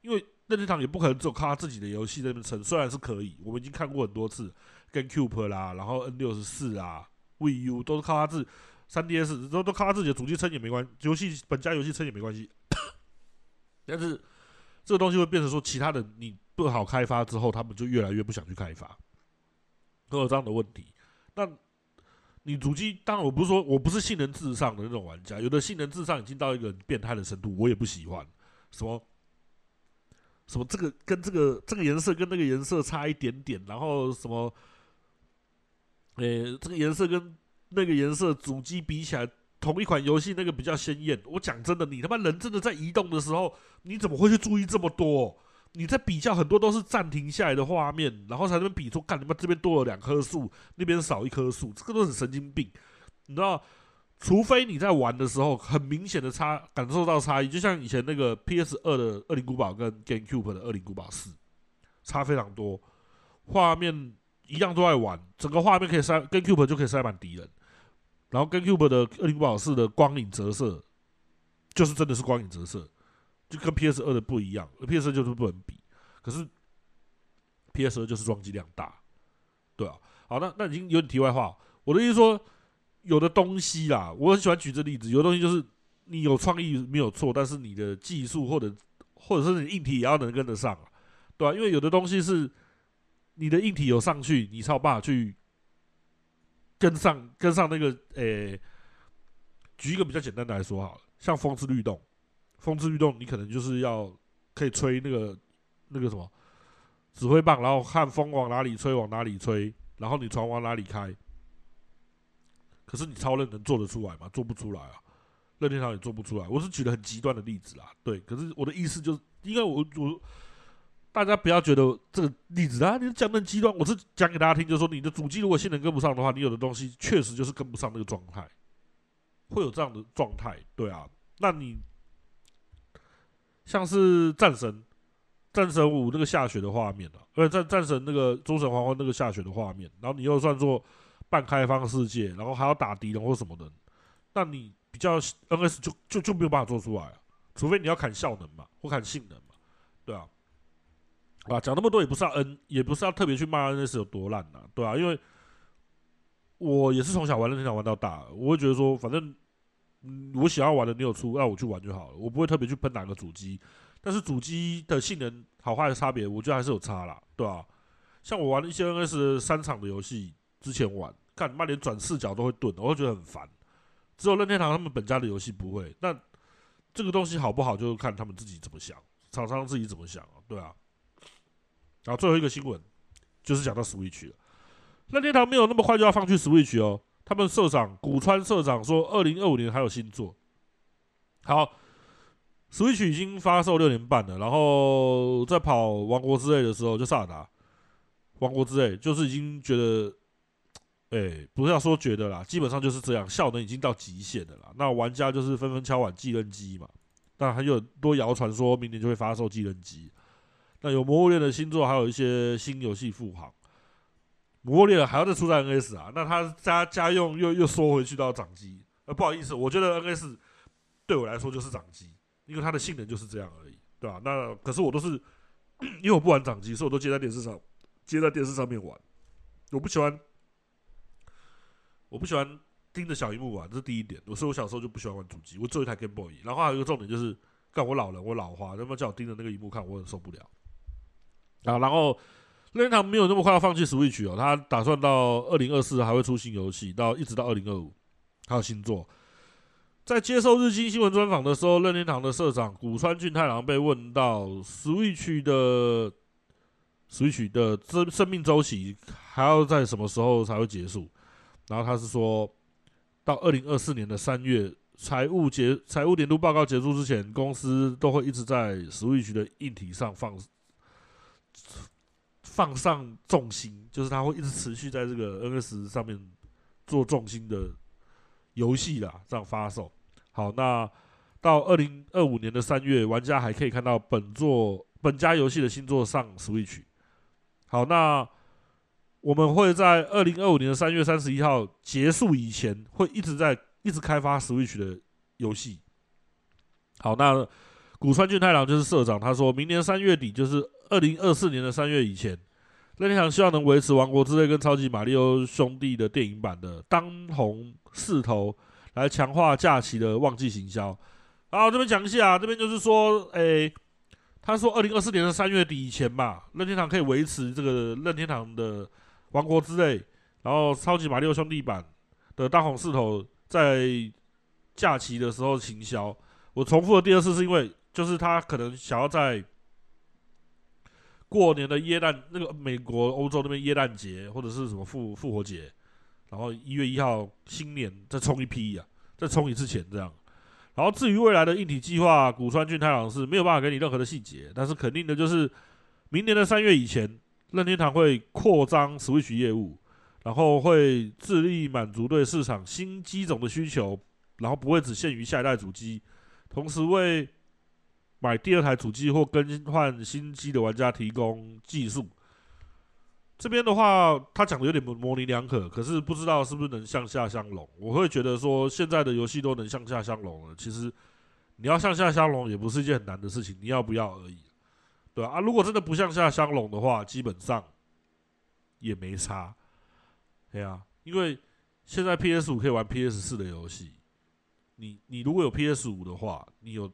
[SPEAKER 1] 因為任天堂也不可能只有靠他自己的遊戲那邊撐，雖然是可以，我們已經看過很多次，GameCube 啦，然後 N64 啊，Wii U 都是靠他自己，3DS 都都靠他自己的主機撐也沒關，遊戲本家遊戲撐也沒關係，但是這個東西會變成說，其他的你不好開發之後，他們就越來越不想去開發，很有這樣的問題，那。你主機當然，我不是說我不是性能至上的那種玩家，有的性能至上已經到一個變態的深度，我也不喜歡。什麼什麼這個跟這個這個顏色跟那個顏色差一點點，然後什麼，哎，這個顏色跟那個顏色主機比起來，同一款遊戲那個比較鮮豔。我講真的，你他媽人真的在移動的時候，你怎麼會去注意這麼多？你在比較，很多都是暫停下來的畫面，然後才能邊比出看，你們這邊多了兩棵樹，那邊少一棵樹，這個都是神經病，你知道？除非你在玩的時候很明顯的差感受到差異，就像以前那個 PS 二的二零古堡跟 GameCube 的二零古堡4，差非常多，畫面一樣都在玩，整個畫面可以塞，GameCube 就可以塞滿敵人，然後 GameCube 的二零古堡四的光影折射，就是真的是光影折射，就跟 P S 二的不一樣，P S 2就是不能比。可是 P S 二就是裝機量大，對啊。好，那那已經有點題外話。我的意思說，有的東西啦，我很喜歡舉這例子。有的東西就是你有創意沒有錯，但是你的技術或者或者是你的硬體也要能跟得上，對吧、啊？因為有的東西是你的硬體有上去，你才有辦法去跟上跟上那個誒、欸，舉一個比較簡單的來說好了，像《風之律動》。風之律動，你可能就是要可以吹那個那個什麼指揮棒，然後看風往哪裡吹，往哪裡吹，然後你船往哪裡開。可是你超人能做得出來嗎？做不出來啊，任天堂也做不出來。我是舉了很極端的例子啦，對。可是我的意思就是，因為我我大家不要覺得這個例子啊，你講的極端，我是講給大家聽，就是說你的主機如果性能跟不上的話，你有的東西確實就是跟不上那個狀態，會有這樣的狀態，對啊。那你。像是戰神，戰神五那個下雪的畫面了，或戰戰神那個諸神黃昏那個下雪的畫面，然後你又算做半開放世界，然後還要打敵人或什麼的，那你比較 NS 就，就就就沒有辦法做出來，啊，除非你要砍效能嘛，不砍性能嘛，對啊，啊講那麼多也不是要 N，也不是要特別去罵 NS 有多爛啊，對啊，因為我也是從小玩 NS 玩到大，我會覺得說反正。嗯、我想要玩的你有出，那我去玩就好了。我不會特別去噴哪個主機，但是主機的性能好壞的差別，我覺得還是有差啦，對吧、啊？像我玩了一些 NS 三場的遊戲之前玩，幹，連轉視角都會頓，我會覺得很煩。只有任天堂他們本家的遊戲不會。那這個東西好不好，就看他們自己怎麼想，廠商自己怎麼想啊，對啊。然後最後一個新聞就是講到 Switch 了，任天堂沒有那麼快就要放棄 Switch 哦。他們社長古川社長說，二零二五年還有新作。好，Switch 已經發售六年半了，然後在跑《王國之淚》的時候就了那，《王國》之淚就是已經覺得，哎、欸，不是要說覺得啦，基本上就是這樣，效能已經到極限的啦。那玩家就是紛紛敲碗繼任機嘛。但還有多謠傳，說明年就會發售繼任機。那有《魔物獵》的新作，還有一些新遊戲復航。磨裂了還要再出在 NS 啊？那它家家用又又縮回去到掌機？呃，不好意思，我覺得 NS 對我來說就是掌機，因為它的性能就是這樣而已，對吧、啊？那可是我都是因為我不玩掌機，所以我都接在電視上，接在電視上面玩。我不喜歡，我不喜歡盯着小熒幕玩，這是第一點。我是我小時候就不喜歡玩主機，我做一台 Game Boy。然後還有一個重點就是，看我老了，我老花，那麼叫我盯着那個熒幕看，我很受不了啊。然後。任天堂沒有那麼快要放棄 Switch 哦，他打算到二零二四還會出新遊戲，到一直到二零二五還有新作。在接受日經新聞專訪的時候，任天堂的社長古川俊太郎被問到 Switch 的 Switch 的生生命週期還要在什麼時候才會結束，然後他是說到二零二四年的三月財務結財務年度報告結束之前，公司都會一直在 Switch 的硬體上放。放上重心，就是它會一直持續在這個 NS 上面做重心的遊戲啦，這樣發售。好，那到二零二五年的三月，玩家還可以看到本作本家遊戲的新作上 Switch。好，那我們會在二零二五年的三月三十一號結束以前，會一直在一直開發 Switch 的遊戲。好，那古川俊太郎就是社長，他說明年三月底就是。二零二四年的三月以前，任天堂希望能維持《王國之淚》跟《超級馬里奧兄弟》的電影版的當紅勢頭，來強化假期的旺季行銷。然後這邊講一下，這邊就是說，誒，他說二零二四年的三月底以前吧，任天堂可以維持這個任天堂的《王國之淚》，然後《超級馬里奧兄弟》版的當紅勢頭在假期的時候行銷。我重複的第二次，是因為就是他可能想要在。過年的耶誕，那個美國、歐洲那邊耶誕節，或者是什麼複復活節，然後一月一號新年再衝一批啊，再衝一次錢這樣。然後至於未來的硬體計劃，古川俊太郎是沒有辦法給你任何的細節，但是肯定的就是，明年的三月以前，任天堂會擴張 Switch 業務，然後會致力滿足對市場新機種的需求，然後不會只限於下一代主機，同時為。買第二台主機或更換新機的玩家提供技術。這邊的話，他講的有點模模稜兩可，可是不知道是不是能向下相容。我會覺得說，現在的遊戲都能向下相容了，其實你要向下相容也不是一件很難的事情，你要不要而已，對啊，啊，如果真的不向下相容的話，基本上也沒差。對啊，因為現在 PS5 可以玩 PS4 的遊戲，你你如果有 PS5 的話，你有。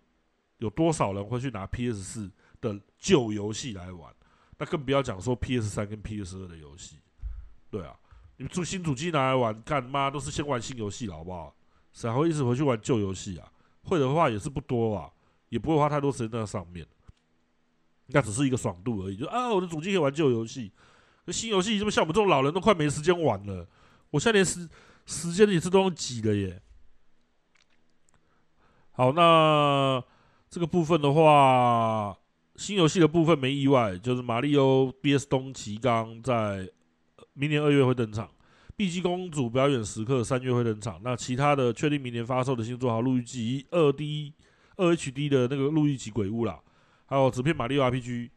[SPEAKER 1] 有多少人會去拿 PS 四的舊遊戲來玩？那更不要講說 PS 三跟 PS 二的遊戲，對啊，你們出新主機拿來玩，幹嘛？都是先玩新遊戲了，好不好？誰還會一直回去玩舊遊戲啊？會的話也是不多啊，也不會花太多時間在那上面。那只是一個爽度而已，就啊，我的主機可以玩舊遊戲，新遊戲，是不是像我們這種老人都快沒時間玩了。我現在連時時間也是都要擠了耶。好，那。這個部分的話，新遊戲的部分沒意外，就是馬利歐 BS 咚奇剛在明年二月會登場，碧姬公主表演時刻三月會登場。那其他的確定明年發售的新作，還有《路易吉二 D 二 HD》的那個《路易吉鬼屋》啦，還有紙片馬利奧 RPG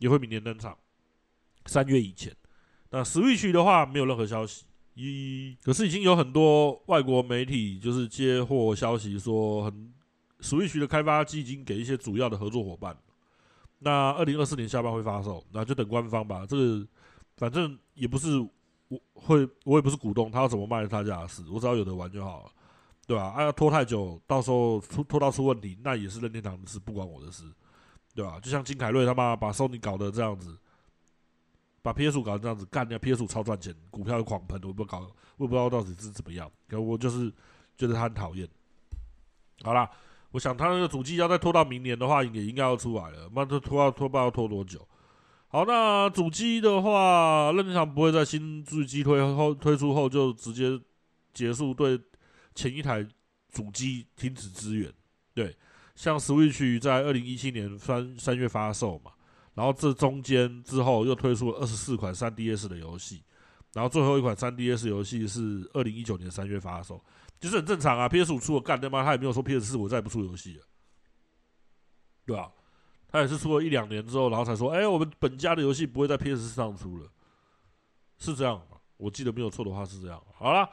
[SPEAKER 1] 也會明年登場，三月以前。那 Switch 的話，沒有任何消息。一，可是已經有很多外國媒體就是接獲消息說很。Switch 的開發基金給一些主要的合作伙伴，那二零二四年下半會發售，那就等官方吧。這個反正也不是我會，我也不是股東，他要怎麼賣他家的事，我只要有的玩就好了，對吧、啊啊？要拖太久，到時候出拖到出問題，那也是任天堂的事，不關我的事，對吧、啊？就像金凱瑞他媽把 Sony 搞得這樣子，把 PS5 搞成這樣子，幹掉 PS5 超賺錢，股票又狂噴，我不搞，我也不知道到底是怎麼樣。可我就是覺得他很討厭。好啦。我想它那個主機要再拖到明年的話，也應該要出來了。那這拖要拖，拖不知道拖多久。好，那主機的話，任天堂不會在新主機推後推出後就直接結束對前一台主機停止支援。對，像 Switch 在二零一七年三三月發售嘛，然後這中間之後又推出了二十四款三 DS 的遊戲，然後最後一款三 DS 遊戲是二零一九年三月發售。其、就、實、是、很正常啊，P S 五出了幹。對嗎？他也沒有說 P S 四我再也不出遊戲，對吧、啊？他也是出了一兩年之後，然後才說，哎、欸，我們本家的遊戲不會在 P S 四上出了，是這樣嗎？我記得沒有錯的話是這樣。好了，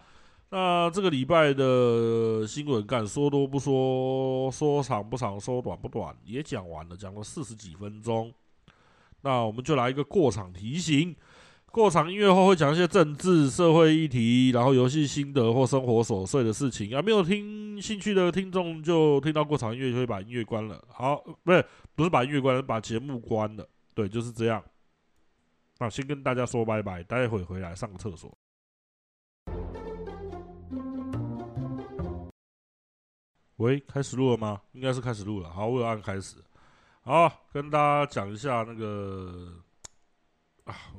[SPEAKER 1] 那這個禮拜的新聞幹，說多不說，說長不長，說短不短，也講完了，講了四十幾分鐘。那我們就來一個過場提醒。過場音樂後會講一些政治社會議題，然後遊戲心得或生活瑣碎的事情。啊，沒有聽興趣的聽眾就聽到過場音樂就會把音樂關了。好，不是不是把音樂關了，把節目關了。對，就是這樣，啊。那先跟大家說拜拜，待會回來上個廁所。喂，開始錄了嗎？應該是開始錄了。好，我按開始。好，跟大家講一下那個。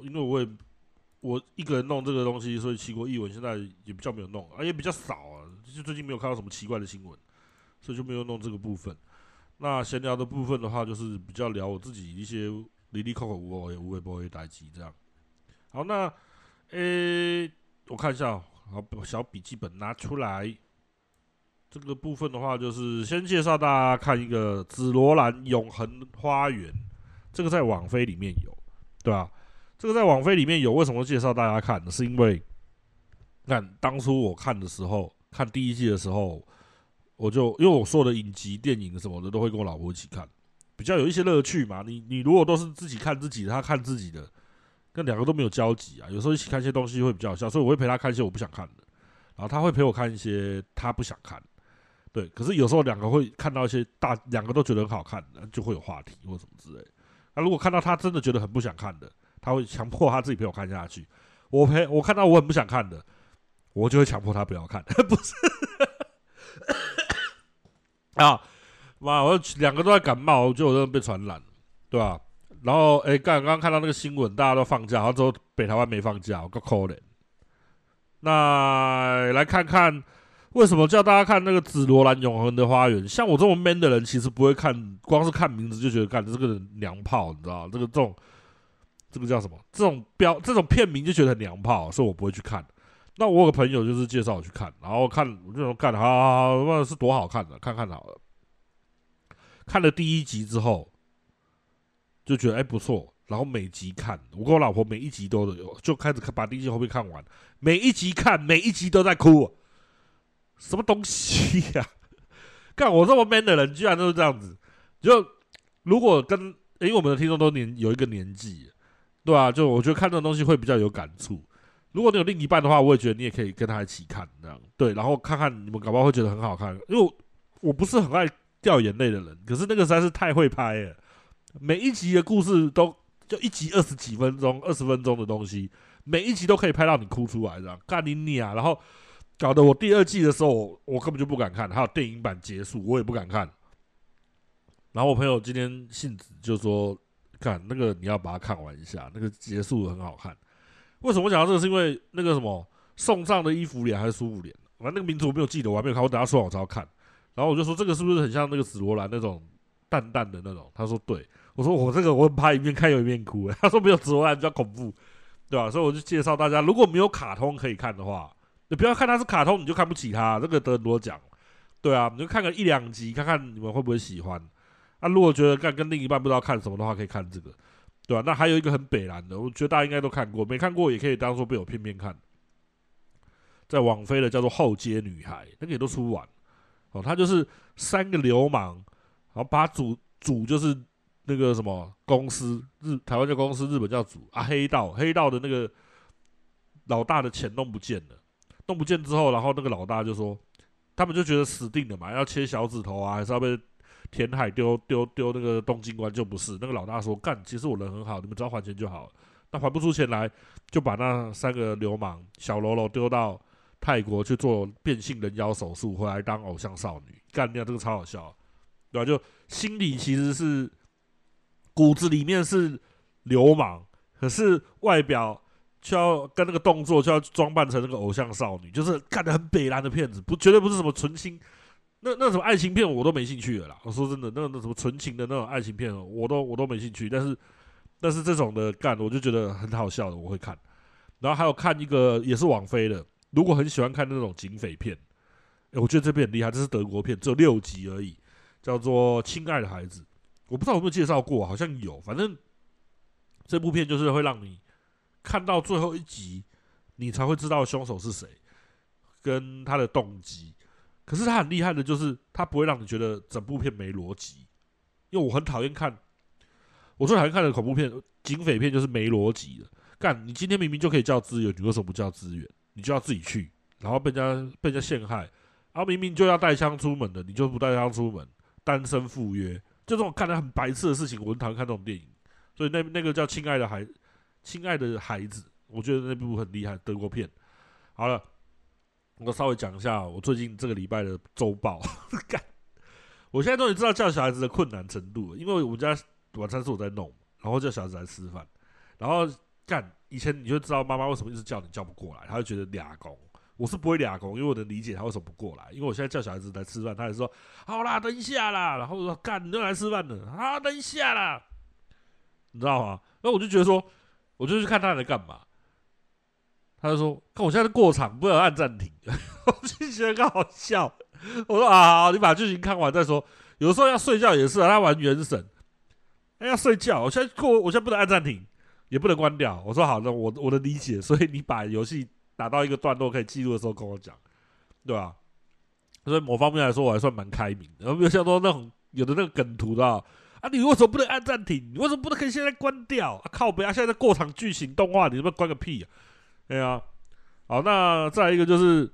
[SPEAKER 1] 因為我也我一個人弄這個東西，所以奇國異聞現在也比較沒有弄啊，也比較少啊，就最近沒有看到什麼奇怪的新聞，所以就沒有弄這個部分。那閒聊的部分的話，就是比較聊我自己一些零零口我也我也不會待機這樣。好，那誒、欸，我看一下，好，小筆記本拿出來。這個部分的話，就是先介紹大家看一個《紫羅蘭永恆花園》，這個在網飛裡面有，對吧？啊？這個在網飛裡面有，為什麼介紹大家看呢？是因為，看當初我看的時候，看第一季的時候，我就因為我說的影集、電影什麼的，都會跟我老婆一起看，比較有一些樂趣嘛。你你如果都是自己看自己的，他看自己的，那兩個都沒有交集啊。有時候一起看一些東西會比較好笑，所以我會陪他看一些我不想看的，然後他會陪我看一些他不想看。對，可是有時候兩個會看到一些大，兩個都覺得很好看的，就會有話題或者什麼之類。那如果看到他真的覺得很不想看的。他會強迫他自己陪我看下去，我陪我看到我很不想看的，我就會強迫他不要看。不是啊，媽，我兩個都在感冒，我覺得我真的被傳染了對吧、啊？然後哎，剛、欸、剛看到那個新聞，大家都放假，然後之後北台灣沒放假，我夠可憐。那來看看為什麼叫大家看那個《紫羅蘭永恆的花園》？像我這麼 man 的人，其實不會看，光是看名字就覺得幹，這個人娘炮，你知道這個這種。這個叫什麼？這種標這種片名就覺得很娘炮，所以我不會去看。那我有個朋友就是介紹我去看，然後看就說看好好好好，是多好看的，看看好了。看了第一集之後就覺得哎、欸、不錯，然後每集看，我跟我老婆每一集都有就開始把第一集後面看完，每一集看每一集都在哭，什麼東西呀、啊？幹，我這麼 man 的人居然都是這樣子。就如果跟哎、欸、我們的聽眾都年有一個年紀。對啊，就我覺得看這種東西會比較有感觸。如果你有另一半的話，我也覺得你也可以跟他一起看，這樣對，然後看看你們搞不好會覺得很好看。因為我,我不是很愛掉眼淚的人，可是那個實在是太會拍了，每一集的故事都就一集二十幾分鐘、二十分鐘的東西，每一集都可以拍到你哭出來這樣幹你你啊！然後搞得我第二季的時候，我,我根本就不敢看。還有電影版結束，我也不敢看。然後我朋友今天信子就說。看那個，你要把它看完一下，那個結束很好看。為什麼我講到這個？是因為那個什麼送葬的衣服臉還是舒服臉？反正那個名字我沒有記得，我還沒有看。我等下說完我才要看。然後我就說，這個是不是很像那個紫羅蘭那種淡淡的那種？他說對。我說我這個我很怕，一邊看又一邊哭、欸。他說沒有紫羅蘭比較恐怖，對吧、啊？所以我就介紹大家，如果沒有卡通可以看的話，你不要看它是卡通，你就看不起它。這個得很多獎，對啊，你就看個一兩集，看看你們會不會喜歡。那、啊、如果覺得跟跟另一半不知道看什麼的話，可以看這個，對吧、啊？那還有一個很北爛的，我覺得大家應該都看過，沒看過也可以當做被我騙騙看。在網飛的叫做《後街女孩》，那個也都出不完哦。他就是三個流氓，然後把組組就是那個什麼公司日台灣叫公司，日本叫組啊，黑道黑道的那個老大的錢弄不見了，弄不見之後，然後那個老大就說，他們就覺得死定了嘛，要切小指頭啊，還是要被。填海丟丟丟，那個東京灣就不是那個老大說幹，其實我人很好，你們只要還錢就好了。那還不出錢來，就把那三個流氓小嘍囉丟到泰國去做變性人妖手術，回來當偶像少女。幹掉這個超好笑，對吧、啊？就心裡其實是骨子裡面是流氓，可是外表就要跟那個動作就要裝扮成那個偶像少女，就是幹得很北爛的騙子，不絕對不是什麼純心。那那什麼愛情片我都沒興趣了啦，我說真的，那那什麼純情的那種愛情片，我都我都沒興趣。但是但是這種的干，我就覺得很好笑的，我會看。然後還有看一個也是網飛的，如果很喜歡看那種警匪片，欸，我覺得這片很厲害，這是德國片，只有六集而已，叫做《親愛的孩子》。我不知道有沒有介紹過，好像有。反正這部片就是會讓你看到最後一集，你才會知道凶手是誰，跟他的動機。可是他很厲害的，就是他不會讓你覺得整部片沒邏輯。因為我很討厭看，我最討厭看的恐怖片、警匪片就是沒邏輯的。幹，你今天明明就可以叫資源，你為什麼不叫資源？你就要自己去，然後被人家被人家陷害，然後，啊，明明就要帶槍出門的，你就不帶槍出門，單身赴約，就這種看的很白痴的事情，我很討厭看這種電影。所以那那個叫《親愛的孩》《親愛的孩子》，《親愛的孩子》，我覺得那部很厲害，德國片。好了。我稍微講一下，我最近這個禮拜的周報。幹， 我現在終於知道叫小孩子的困難程度了，因為我們家晚餐是我在弄，然後叫小孩子來吃飯。然後幹，以前你就知道媽媽為什麼一直叫你叫不過來，他就覺得倆工。我是不會倆工，因為我能理解他為什麼不過來，因為我現在叫小孩子來吃飯，他還說：“好啦，等一下啦。”然後我說：“幹，你就來吃飯了。”啊，等一下啦，你知道嗎？那我就覺得說，我就去看他在幹嘛。他就說：“看，我現在，在過場，不能按暫停。 ”我就覺得很好笑。我說：“啊，你把劇情看完再說。有的時候要睡覺也是啊。他玩《原神》欸，要睡覺。我現在過，我現在不能按暫停，也不能關掉。我說好，那我我的理解，所以你把遊戲打到一個段落可以記錄的時候，跟我講，對吧？啊？所以某方面來說，我還算蠻開明的。比有，有像說那種有的那個梗圖的啊，你為什麼不能按暫停？你為什麼不能可以現在關掉？啊靠！不要，現在，在過場劇情動畫，你是不是關個屁啊？對、欸、啊，好，那再一個就是，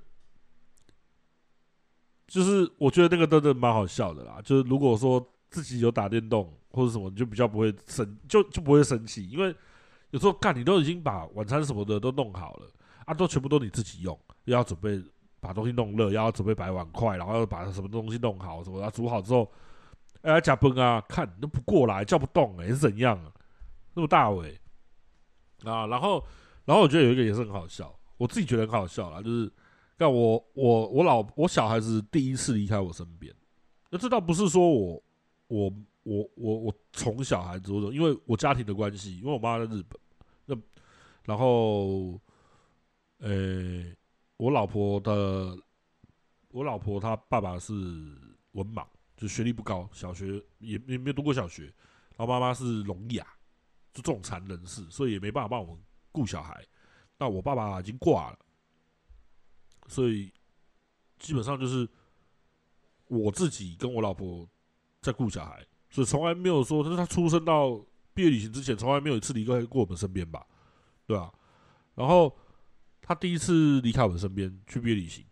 [SPEAKER 1] 就是我覺得那個真的蠻好笑的啦。就是如果說自己有打電動或者什麼，你就比較不會生，就就不會生氣。因為有時候幹，你都已經把晚餐什麼的都弄好了啊，都全部都你自己用，又要準備把東西弄熱，要準備擺碗筷，然後要把什麼東西弄好，什麼、啊、煮好之後，哎，呷飯啊，看，你都不過來，叫不動，哎，是怎樣啊？那麼大尾啊，然後。然後我覺得有一個也是很好笑，我自己覺得很好笑啦，就是但我我我老我小孩子第一次離開我身邊，那這倒不是說我我我我我從小孩子或者因為我家庭的關係，因為我媽在日本，那然後、哎，我老婆的我老婆她爸爸是文盲，就學歷不高，小學也也沒讀過小學，然後媽媽是聾啞，就這種殘人士，所以也沒辦法幫我們。顧小孩，那我爸爸已經掛了，所以基本上就是我自己跟我老婆在顧小孩，所以從來沒有說，就是他出生到畢業旅行之前，從來沒有一次離開過我們身邊吧，對吧、啊？然後他第一次離開我們身邊去畢業旅行，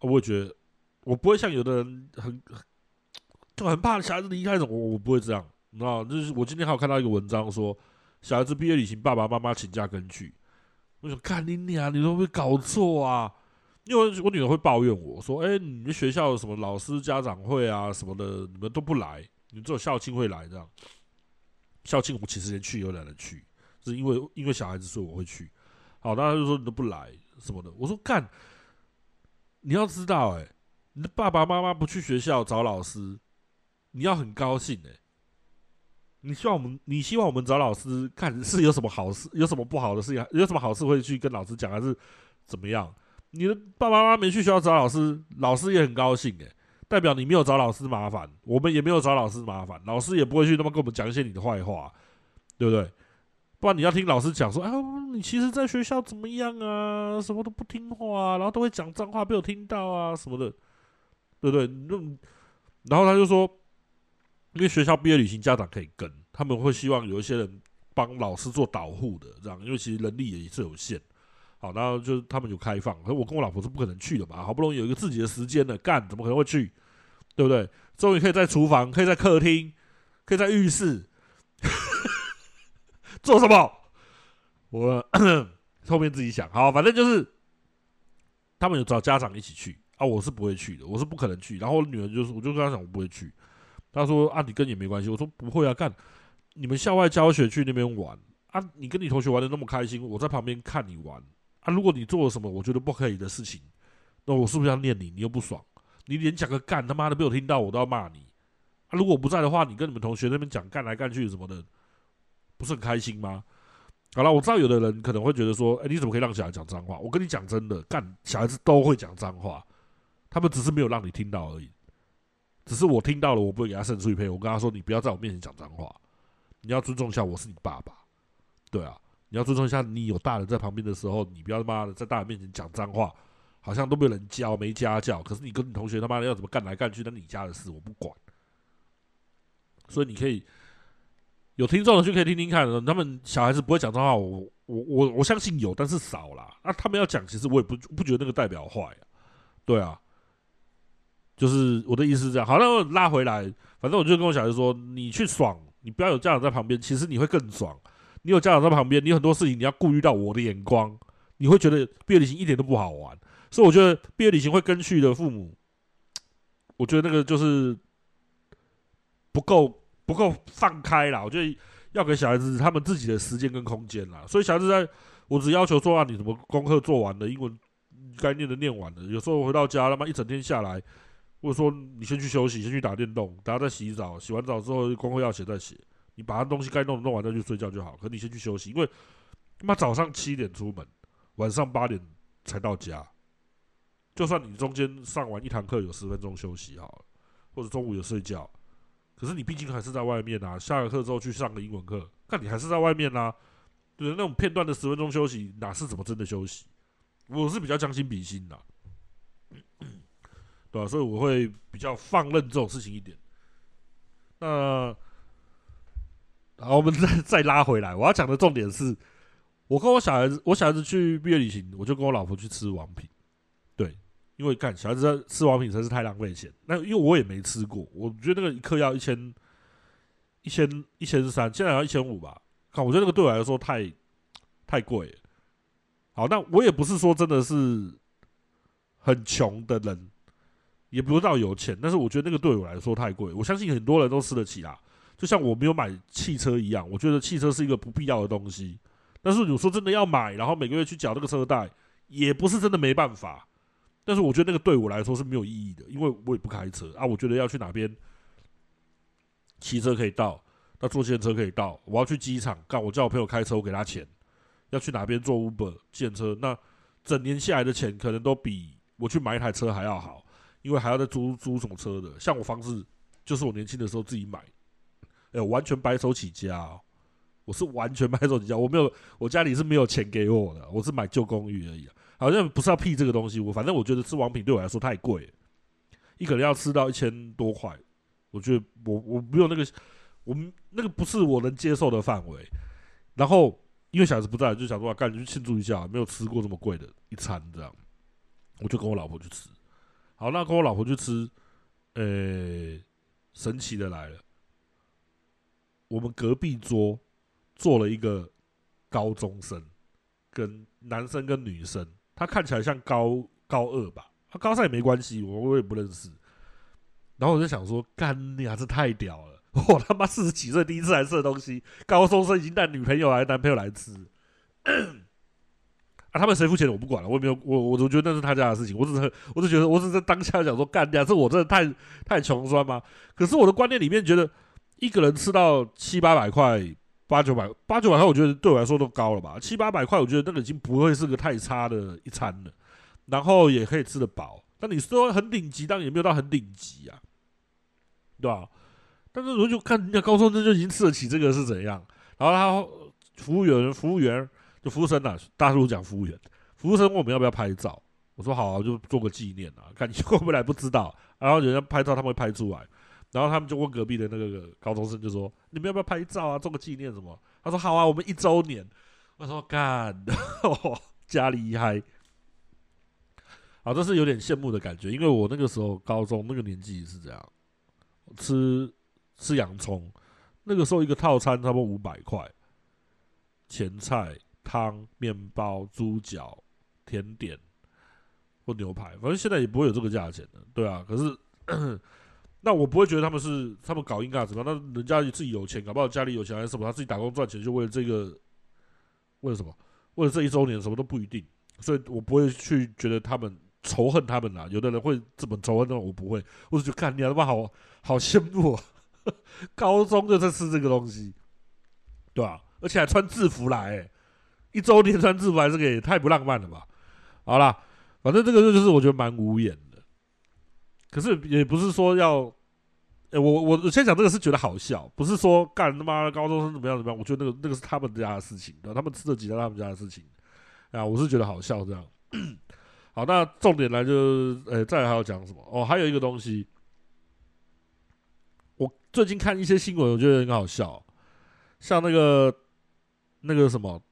[SPEAKER 1] 我也覺得我不會像有的人很，很就很怕小孩子離開什麼，我我不會這樣，那就是我今天還有看到一個文章說，小孩子畢業旅行，爸爸媽媽請假跟去。我說：“幹你娘，你都沒會搞錯啊！”因為我女兒會抱怨我說：“哎、欸，你們學校有什麼老師家長會啊什麼的，你們都不來，你們只有校慶會來這樣。校”校慶我其實連去都懶得去，是因為因為小孩子，所以我會去。好，那他就說你都不來什麼的。我說：“幹，你要知道、欸，哎，你的爸爸媽媽不去學校找老師，你要很高興哎、欸。”你希望我們？你希望我們找老師看是有什麼好事，有什麼不好的事，有什麼好事會去跟老師講，還是怎麼樣？你的爸爸媽媽沒去學校找老師，老師也很高興誒、欸，代表你沒有找老師麻煩，我們也沒有找老師麻煩，老師也不會去那麼跟我們講一些你的壞話，對不對？不然你要聽老師講說，啊，你其實在學校怎麼樣啊？什麼都不聽話啊，然後都會講髒話被我聽到啊什麼的，對不對？那然後他就說。因為學校畢業旅行，家長可以跟，他們會希望有一些人幫老師做導護的，這樣，因為其實人力也是有限。好，然後就是他們有開放，而我跟我老婆是不可能去的嘛，好不容易有一個自己的時間的，幹怎麼可能會去？對不對？終於可以在廚房，可以在客廳，可以在浴室， 做什麼我？我 後面自己想，好，反正就是他們有找家長一起去，啊，我是不會去的，我是不可能去。然後我女兒就是，我就跟她講，我不會去。他說：“啊，你跟也沒關係。”我說：“不會啊，幹，你們校外教學去那邊玩啊，你跟你同學玩的那麼開心，我在旁邊看你玩啊。如果你做了什麼我覺得不可以的事情，那我是不是要念你？你又不爽，你連講個幹他媽的被我聽到，我都要罵你啊。如果不在的話，你跟你們同學那邊講幹來幹去什麼的，不是很開心嗎？好了，我知道有的人可能會覺得說，哎，你怎麼可以讓小孩講髒話？我跟你講真的，幹小孩子都會講髒話，他們只是沒有讓你聽到而已。”只是我聽到了，我不會給他伸出去配我跟他說：“你不要在我面前講髒話，你要尊重一下，我是你爸爸，對啊，你要尊重一下。你有大人在旁邊的時候，你不要他媽的在大人面前講髒話，好像都沒有人教，沒家教。可是你跟你同學他媽的要怎麼幹來幹去，那是你家的事，我不管。所以你可以有聽眾的就可以聽聽看，他們小孩子不會講髒話，我我我我相信有，但是少啦、啊。那他們要講，其實我也不不覺得那個代表壞、啊，對啊。”就是我的意思是這樣，好，那我拉回來，反正我就跟我小孩說，你去爽，你不要有家長在旁邊，其實你會更爽。你有家長在旁邊，你很多事情你要顧慮到我的眼光，你會覺得畢業旅行一點都不好玩。所以我覺得畢業旅行會跟去的父母，我覺得那個就是不夠不夠放開啦。我覺得要給小孩子他們自己的時間跟空間啦。所以小孩子在我只要求說啊，你什麼功課做完了，英文該念的念完了，有時候回到家，他媽一整天下來。或者說，你先去休息，先去打電動，等一下再洗澡，洗完澡之後，功課要寫再寫。你把他東西該弄的弄完再去睡覺就好。可你先去休息，因為他媽早上七點出門，晚上八點才到家。就算你中間上完一堂課有十分鐘休息好了，或者中午有睡覺，可是你畢竟還是在外面啊。下了課之後去上個英文課，看你還是在外面啊。對，那種片段的十分鐘休息，哪是怎麼真的休息？我是比較將心比心的啊。對吧、啊，所以我會比較放任這種事情一點。那好，我們再再拉回來。我要講的重點是，我跟我小孩子，我小孩子去畢業旅行，我就跟我老婆去吃王品。對，因為幹，小孩子吃王品真是太浪費錢。那因為我也沒吃過，我覺得那個一客要一千，一千一千三，現在要一千五吧。看，我覺得那個對我來說太太貴。好，那我也不是說真的是很窮的人。也不知道有錢，但是我覺得那個對我來說太貴。我相信很多人都吃得起啦、啊，就像我沒有買汽車一樣。我覺得汽車是一個不必要的東西。但是你說真的要買，然後每個月去繳這個車貸，也不是真的沒辦法。但是我覺得那個對我來說是沒有意義的，因為我也不開車啊。我覺得要去哪邊騎車可以到，那坐電車可以到。我要去機場，幹我叫我朋友開車，我給他錢。要去哪邊坐 Uber 建車，那整年下來的錢可能都比我去買一台車還要好。因為還要再租租什麼車的，像我房子就是我年輕的時候自己買，哎、欸，我完全白手起家、喔，我是完全白手起家，我沒有，我家裡是沒有錢給我的，我是買舊公寓而已。好像不是要屁這個東西，我反正我覺得吃王品對我來說太貴，一個人要吃到一千多塊，我覺得我我沒有那個，我們那個不是我能接受的範圍。然後因為小孩子不在，就想說啊，趕緊去慶祝一下，沒有吃過這麼貴的一餐這樣，我就跟我老婆去吃。好，那跟我老婆去吃，呃、欸，神奇的來了，我們隔壁桌坐了一個高中生，跟男生跟女生，他看起來像高高二吧，他、啊、高三也沒關係，我我也不認識。然後我就想說，幹你、啊，這太屌了！我他媽四十幾歲第一次來吃的東西，高中生已經帶女朋友來、男朋友來吃。嗯啊，他們誰付錢我不管了，我也沒有我我我覺得那是他家的事情，我只是，我只覺得我只是當下想說幹掉，這是我真的太太窮酸嗎？可是我的觀念裡面覺得，一個人吃到七八百塊，八九百八九百塊，我覺得對我來說都高了吧？七八百塊，我覺得那個已經不會是個太差的一餐了，然後也可以吃得飽。但你說很頂級，但也沒有到很頂級啊，對吧？但是我就看人家高中生就已經吃得起這個是怎樣，然後他服務員服務員。就服務生吶、啊，大叔講服務員。服務生問我們要不要拍照，我說好、啊，就做個紀念啊，感覺過不來不知道，然後人家拍照他們會拍出來，然後他們就問隔壁的那個高中生，就說你們要不要拍照啊，做個紀念什麼？他說好啊，我們一周年。我說幹，家裡厲害！啊，這是有點羨慕的感覺，因為我那個時候高中那個年紀是這樣，吃吃洋蔥，那個時候一個套餐差不多五百塊，前菜。湯、麵包、豬腳、甜點，或牛排，反正現在也不會有這個價錢的，對啊。可是，那我不會覺得他們是他們搞硬卡子嘛？那人家自己有錢，搞不好家裡有錢還是什麼？他自己打工賺錢，就為了這個，為了什麼？為了這一周年？什麼都不一定。所以我不會去覺得他們仇恨他們啦。有的人會這麼仇恨呢？我不會。我是就看，你他、啊、媽好好羨慕我，高中就在吃這個東西，對啊，而且還穿制服來、欸。一週連穿制服還是可以，也太不浪漫了吧？好啦，反正這個就是我覺得蠻無言的。可是也不是說要，哎、欸，我我我先講這個是覺得好笑，不是說幹他媽的高中生怎麼樣怎麼樣，我覺得那個那個是他們家的事情，他們吃的幾餐他們家的事情。啊，我是覺得好笑這樣。好，那重點來就是，哎、欸，再來還要講什麼？哦，還有一個東西，我最近看一些新聞，我覺得很好笑，像那個那個什麼。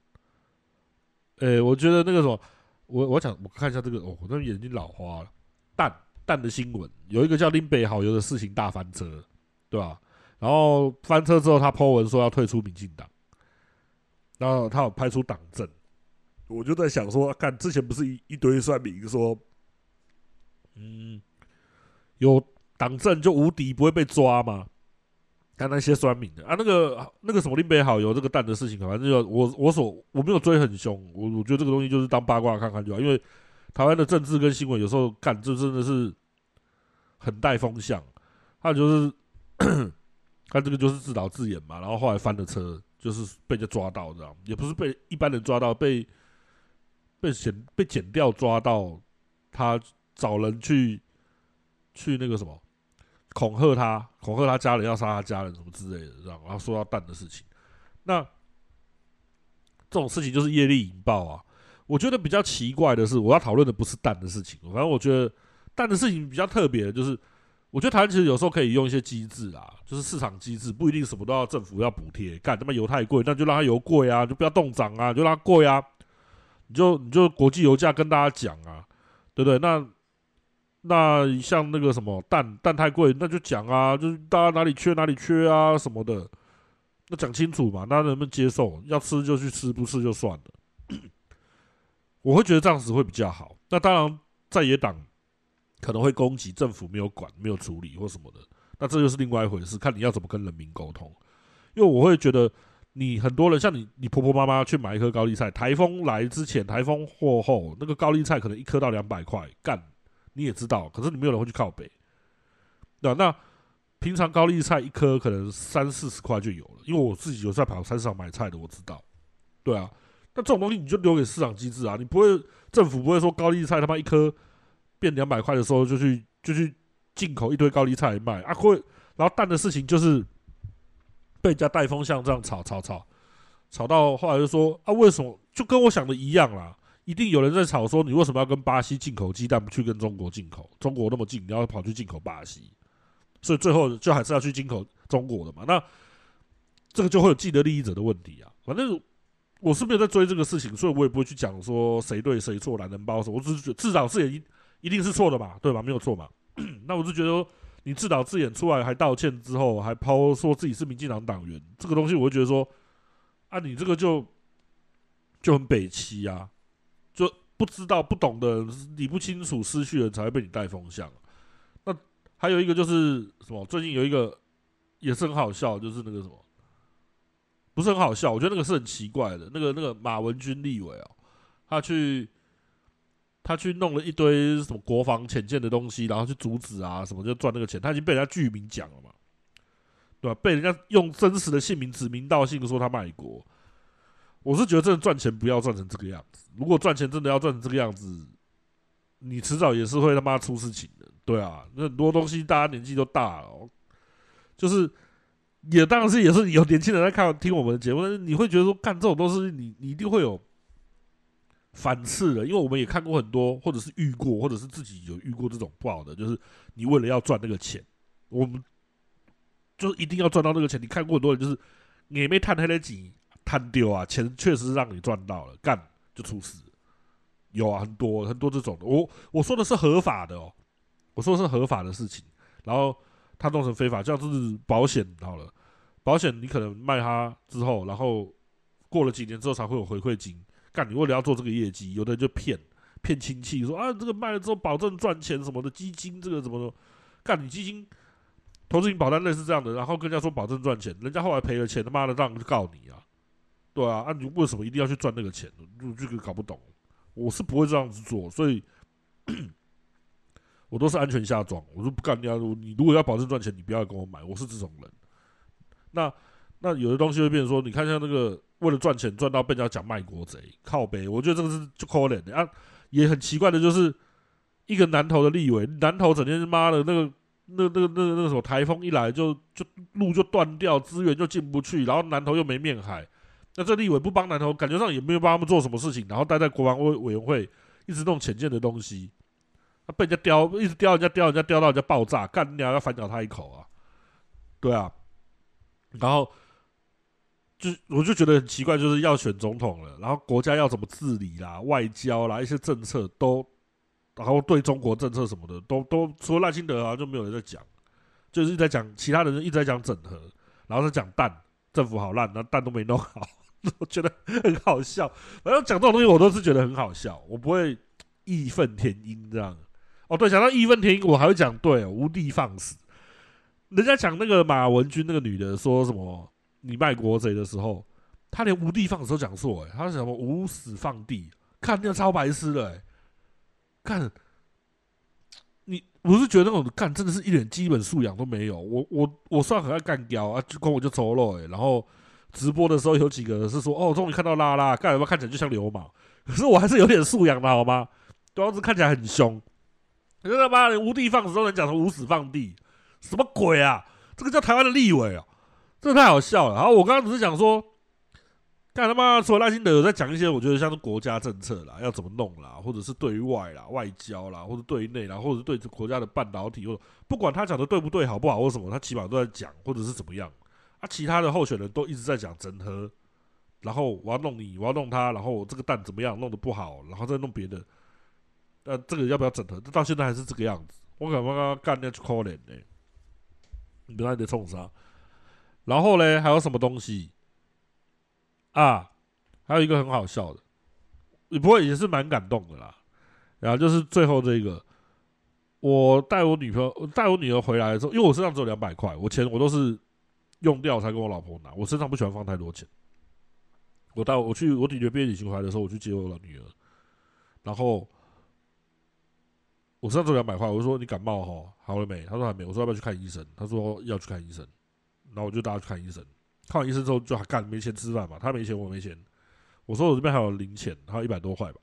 [SPEAKER 1] 哎、欸，我覺得那個什麼，我我想我看一下這個哦，我那眼睛老花了。淡淡的新聞，有一個叫林北好游的事情大翻車，對吧？然後翻車之後，他 PO 文說要退出民進黨，然後他有派出黨證。我就在想說，看之前不是一,一堆算命說，嗯，有黨證就無敵，不會被抓嗎？看，啊、那些酸民的啊，那個那個什麼林北好有這、那個蛋的事情，反正就我我所我沒有追很兇，我我覺得這個東西就是當八卦看看就好。因為台灣的政治跟新聞有時候看就真的是很帶風向。還有就是他這個就是自導自演嘛，然後後來翻了車，就是被人家抓到，知道？也不是被一般人抓到，被被檢被檢調抓到，他找人去去那個什麼。恐嚇他，恐嚇他家人，要殺他家人什麼之類的，這樣，然後說到蛋的事情，那這種事情就是業力引爆啊。我覺得比較奇怪的是，我要討論的不是蛋的事情，反正我覺得蛋的事情比較特別，就是我覺得台灣其實有時候可以用一些機制啊，就是市場機制不一定什麼都要政府要補貼，幹他媽油太貴，那就讓它油貴啊，就不要凍漲啊，就讓它貴啊，你就你就國際油價跟大家講啊，對不對？那那像那個什麼蛋，蛋太貴，那就講啊，就是大家哪裡缺哪裡缺啊什麼的，那講清楚嘛，那能不能接受？要吃就去吃，不吃就算了。 我會覺得這樣子會比較好。那當然，在野黨可能會攻擊政府沒有管、沒有處理或什麼的，那這就是另外一回事，看你要怎麼跟人民溝通。因為我會覺得，你很多人像你，你婆婆媽媽去買一顆高麗菜，颱風來之前、颱風過後，那個高麗菜可能一顆到兩百塊，幹。你也知道，可是你沒有人會去靠北。啊、那平常高麗菜一顆可能三四十塊就有了，因為我自己有在跑菜市場買菜的，我知道。對啊，那這種東西你就留給市場機制啊，你不會政府不會說高麗菜他媽一顆變兩百塊的時候就去就去進口一堆高麗菜來賣啊？會，然後蛋的事情就是被人家帶風向這樣炒炒炒，炒到後來就說啊，為什麼就跟我想的一樣啦？一定有人在吵說，你為什麼要跟巴西進口雞蛋，不去跟中國進口？中國那麼近，你要跑去進口巴西，所以最後就還是要去進口中國的嘛。那這個就會有既得利益者的問題啊。反正我是沒有在追這個事情，所以我也不會去講說誰對誰錯，懶人包什麼。我只是覺得自導自演一定是錯的嘛，對吧？沒有錯嘛。那我就覺得說你自導自演出來還道歉之後，還 po 說自己是民進黨黨員，這個東西我就覺得說，啊，你這個就就很北七啊。就不知道不懂的，理不清楚失去的才會被你帶風向、啊。那還有一個就是什麼？最近有一個也是很好笑，就是那個什麼，不是很好笑，我覺得那個是很奇怪的。那個那個馬文君立委哦、啊，他去他去弄了一堆什麼國防潛艦的東西，然後去阻止啊什麼，就賺那個錢。他已經被人家具名講了嘛，對吧、啊？被人家用真實的姓名指名道姓說他賣國。我是覺得，真的賺錢不要賺成這個樣子。如果賺錢真的要賺成這個樣子，你遲早也是會他媽出事情的，對啊。那很多東西，大家年紀都大了，就是也當然是也是有年輕人在看聽我們的節目，但是你會覺得說幹這種東西，你你一定會有反刺的，因為我們也看過很多，或者是遇過，或者是自己有遇過這種不好的，就是你為了要賺那個錢，我們就是一定要賺到那個錢。你看過很多人，就是你也沒探他的井。貪丟啊，錢確實讓你賺到了，幹就出事。有啊，很多很多這種的。我我說的是合法的哦，我說的是合法的事情。然後他弄成非法，像是保險好了，保險你可能賣他之後，然後過了幾年之後才會有回饋金。幹，你為了要做這個業績，有的人就騙騙親戚說啊，這個賣了之後保證賺錢什麼的。基金這個什麼的。幹，你基金投資型保單類似這樣的，然後跟人家說保證賺錢，人家後來賠了錢，他媽的讓告你啊！對啊，啊！你為什麼一定要去賺那個錢呢？就、這個搞不懂。我是不會這樣子做，所以，我都是安全下莊。我說不幹，你要你如果要保證賺錢，你不要跟我買。我是這種人。那那有的東西會變成說，你看像那個為了賺錢賺到被人家講賣國賊靠北，我覺得這個是就可憐的、欸、啊。也很奇怪的就是一個南投的立委，南投整天媽的、那個，那個那那那那那什麼台風一來就就路就斷掉，資源就進不去，然後南投又沒面海。那這立委不幫南投，感覺上也沒有幫他們做什麼事情，然後待在國防委委員會，一直弄潛艦的東西，他、啊、被人家叼，一直叼人家叼人家叼到人家爆炸，幹掉要反咬他一口啊！對啊，然後就我就覺得很奇怪，就是要選總統了，然後國家要怎麼治理啦、外交啦、一些政策都，然後對中國政策什麼的都都除了賴清德好像、啊、就沒有人在講，就是一直在講其他人一直在講整合，然後在講蛋政府好爛，那蛋都沒弄好。我覺得很好笑，反正講這種東西，我都是覺得很好笑，我不會義憤填膺這樣。哦，對，講到義憤填膺，我還會講對、哦、無的放矢。人家講那個馬文君那個女的說什麼“你賣國賊”的時候，她連無的放矢都講錯哎，她是什麼無死放地，看那個超白痴的、欸，看。你我是覺得那種幹真的是一點基本素養都沒有。我我我算很愛幹譙啊，就光我就走了然後。直播的時候，有幾個人是說：“哦，終於看到拉拉，幹麼看起來就像流氓？”可是我還是有點素養的好嗎？光是看起來很兇，你他媽無的放矢都能講成無死放地，什麼鬼啊？這個叫台灣的立委啊，這太好笑了。然後我剛剛只是講說，幹他媽！除了賴清德有在講一些我覺得像是國家政策啦，要怎麼弄啦，或者是對外啦、外交啦，或者對內啦，或者對國家的半導體，或者不管他講的對不對、好不好，或什麼，他起碼都在講，或者是怎麼樣。啊，其他的候選人都一直在講整合，然後我要弄你，我要弄他，然後這個蛋怎麼樣？弄得不好，然後再弄別的、呃。那這個要不要整合？這到現在還是這個樣子。我剛他幹掉去可憐嘞，你別讓、欸、你衝殺。然後嘞，還有什麼東西啊？還有一個很好笑的，你不會也是蠻感動的啦。然後就是最後這一個，我帶我女朋友帶我,我女兒回來的時候，因為我身上只有兩百塊，我錢我都是。用掉才跟我老婆拿。我身上不喜歡放太多錢。我到我去我準備畢業旅行回來的時候，我去接我的老女兒。然後我身上只有兩百塊，我就說：“你感冒吼，好了沒？”他說：“還沒。”我說：“要不要去看醫生？”他說：“要去看醫生。”然後我就帶他去看醫生。看完醫生之後就還幹，就幹沒錢吃飯嘛。他沒錢，我沒錢。我，錢我說：“我這邊還有零錢，還有一百多塊吧。”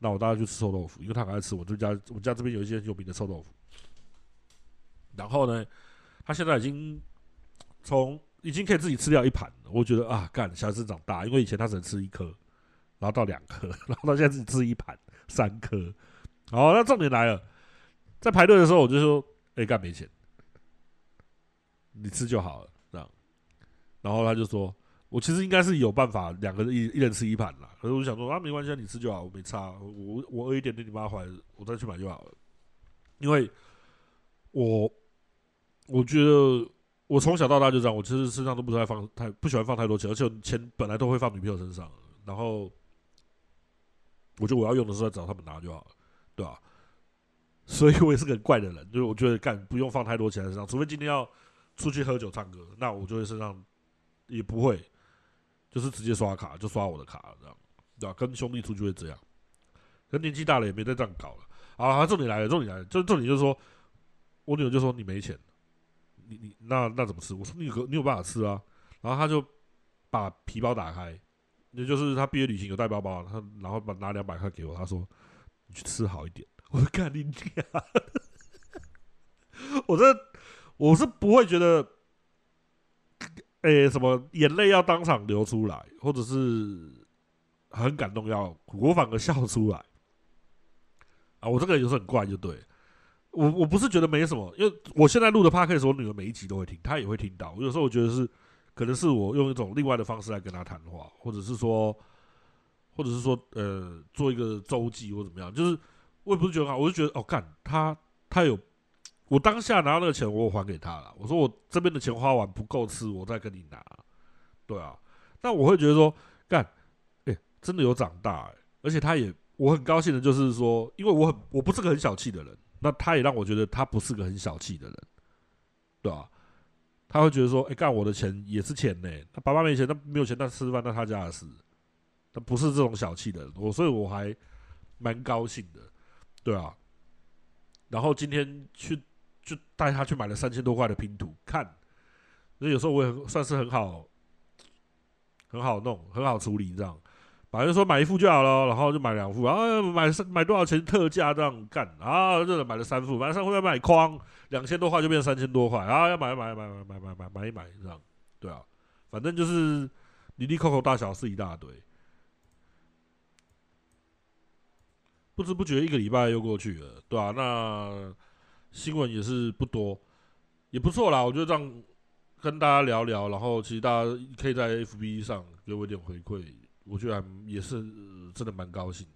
[SPEAKER 1] 那我帶他去吃臭豆腐，因為他很愛吃。我們家我們家這邊有一些有名的臭豆腐。然後呢，他現在已經。從已經可以自己吃掉一盤了，我覺得啊，幹，下次長大，因為以前他只能吃一顆，然後到兩顆，然後到現在自己吃一盤，三顆。好，那重點來了，在排隊的時候，我就說，哎，幹沒錢，你吃就好了，這樣。然後他就說，我其實應該是有辦法，兩個人一一人吃一盤了。可是我想說，啊，沒關係，你吃就好，我沒差，我我我餓一點點，你媽回來，我再去買就好了。因為，我我覺得。我從小到大就這樣，我其實身上都不太放，太不喜歡放太多錢，而且我錢本來都會放女朋友身上。然後我覺得我要用的時候再找他們拿就好了，對吧、啊？所以我也是個很怪的人，就我覺得幹不用放太多錢，身上，除非今天要出去喝酒唱歌，那我就會身上也不會，就是直接刷卡就刷我的卡這樣，對吧、啊？跟兄弟出去會這樣，跟年紀大了也沒在這樣搞了。啊，重點來了，重點來了，這重點就是說，我女兒就說你沒錢。你你那那怎麼吃？我說你有你有辦法吃啊！然後他就把皮包打開，也就是他畢業旅行有帶包包，他然後把拿兩百塊給我，他說你去吃好一點。我說干你娘啊！ 我這我是不會覺得，哎、欸，什麼眼淚要當場流出來，或者是很感動要，我反而笑出來啊！我這個人就是很怪，就對了。我我不是覺得沒什麼，因為我現在錄的 Podcast，我女兒每一集都會聽，她也會聽到。有時候我覺得是，可能是我用一種另外的方式來跟她談話，或者是說，或者是說，呃，做一個週記或怎麼樣。就是我也不是覺得，我就覺得，哦，幹，他他有，我當下拿到那個錢，我有還給他了。我說我這邊的錢花完不夠吃，我再跟你拿。對啊，那我會覺得說，幹，哎、欸，真的有長大、欸，哎，而且他也，我很高興的就是說，因為我很，我不是個很小氣的人。那他也讓我覺得他不是個很小氣的人，對吧、啊？他會覺得說：“哎，幹我的錢也是錢呢、欸。他爸媽沒錢，他沒有錢，他吃飯那他家的事，他不是這種小氣的人。”我所以我還蠻高興的，對啊。然後今天去就帶他去買了三千多塊的拼圖，看。那有時候我也算是很好，很好弄，很好處理，這樣。反正說買一副就好了，然後就買兩副，然後買三買多少錢特價這樣幹，啊，這買了三副，買了三副，買了三副要買框，兩千多塊就變成三千多塊，啊，要買買買買買買買一買這樣，對啊，反正就是哩哩扣扣大小是一大堆，不知不覺一個禮拜又過去了，對啊，那新聞也是不多，也不錯啦，我覺得這樣跟大家聊聊，然後其實大家可以在 FB 上給我一點回饋。我覺得也是、呃、真的蠻高興的。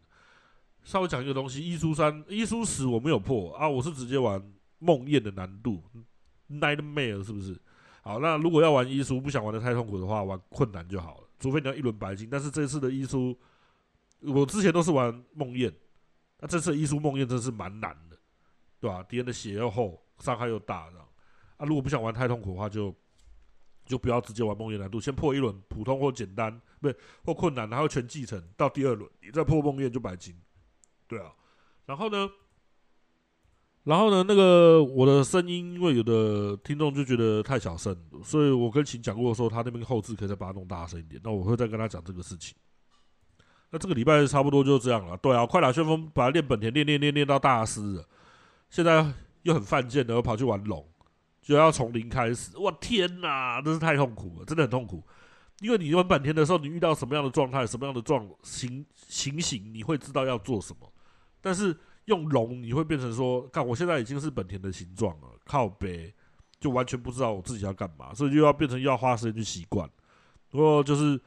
[SPEAKER 1] 稍微講一個東西，伊蘇三、伊蘇十我沒有破啊，我是直接玩夢魘的難度 Nightmare，是不是？好，那如果要玩伊蘇，不想玩的太痛苦的話，玩困難就好了。除非你要一輪白金，但是這次的伊蘇，我之前都是玩夢魘，那、啊、這次的伊蘇夢魘真的是蠻難的，對吧？敵人的血又厚，傷害又大，這樣啊。如果不想玩太痛苦的話，就就不要直接玩夢魘難度，先破一輪普通或簡單，不對，或困難，然後全繼承到第二輪，你再破夢魘就白金，對啊。然後呢，然後呢，那個我的聲音，因為有的聽眾就覺得太小聲，所以我跟琴講過說，他那邊後置可以再把它弄大聲一點，那我會再跟他講這個事情。那這個禮拜差不多就這樣了，對啊。快打旋風，把練本田練練練練練練到大師了，現在又很犯賤的，我跑去玩龍。就要從零開始，哇天吶，真是太痛苦了，真的很痛苦。因為你玩本田的時候，你遇到什麼樣的狀態、什麼樣的狀形情形，你會知道要做什麼。但是用龍，你會變成說，看我現在已經是本田的形狀了，靠北，就完全不知道我自己要幹嘛，所以就要變成要花時間去習慣。不過就是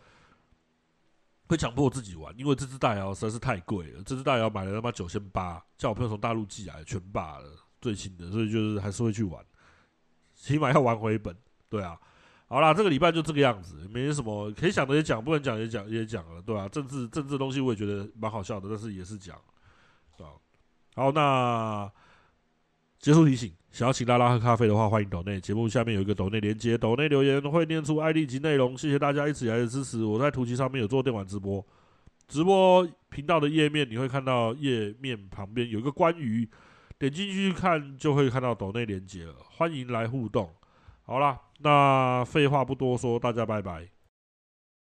[SPEAKER 1] 會強迫自己玩，因為這只大搖實在是太貴了，這只大搖買了他媽九千八，叫我朋友從大陸寄來，全霸了最新的，所以就是還是會去玩。起碼要玩回本，對啊，好啦，這個禮拜就這個樣子，沒什麼可以想的也講，不能講也講也講了，對吧、啊？政治政治東西我也覺得蠻好笑的，但是也是講，對啊，好，那結束提醒，想要請大家喝咖啡的話，歡迎抖內節目下面有一個抖內連接，抖內留言會念出 ID 及內容，謝謝大家一直以來的支持。我在 Twitch 上面有做電玩直播，直播頻道的頁面你會看到頁面旁邊有一個關於。點進去看就會看到抖內連接了，歡迎來互動。好啦，那廢話不多說，大家拜拜。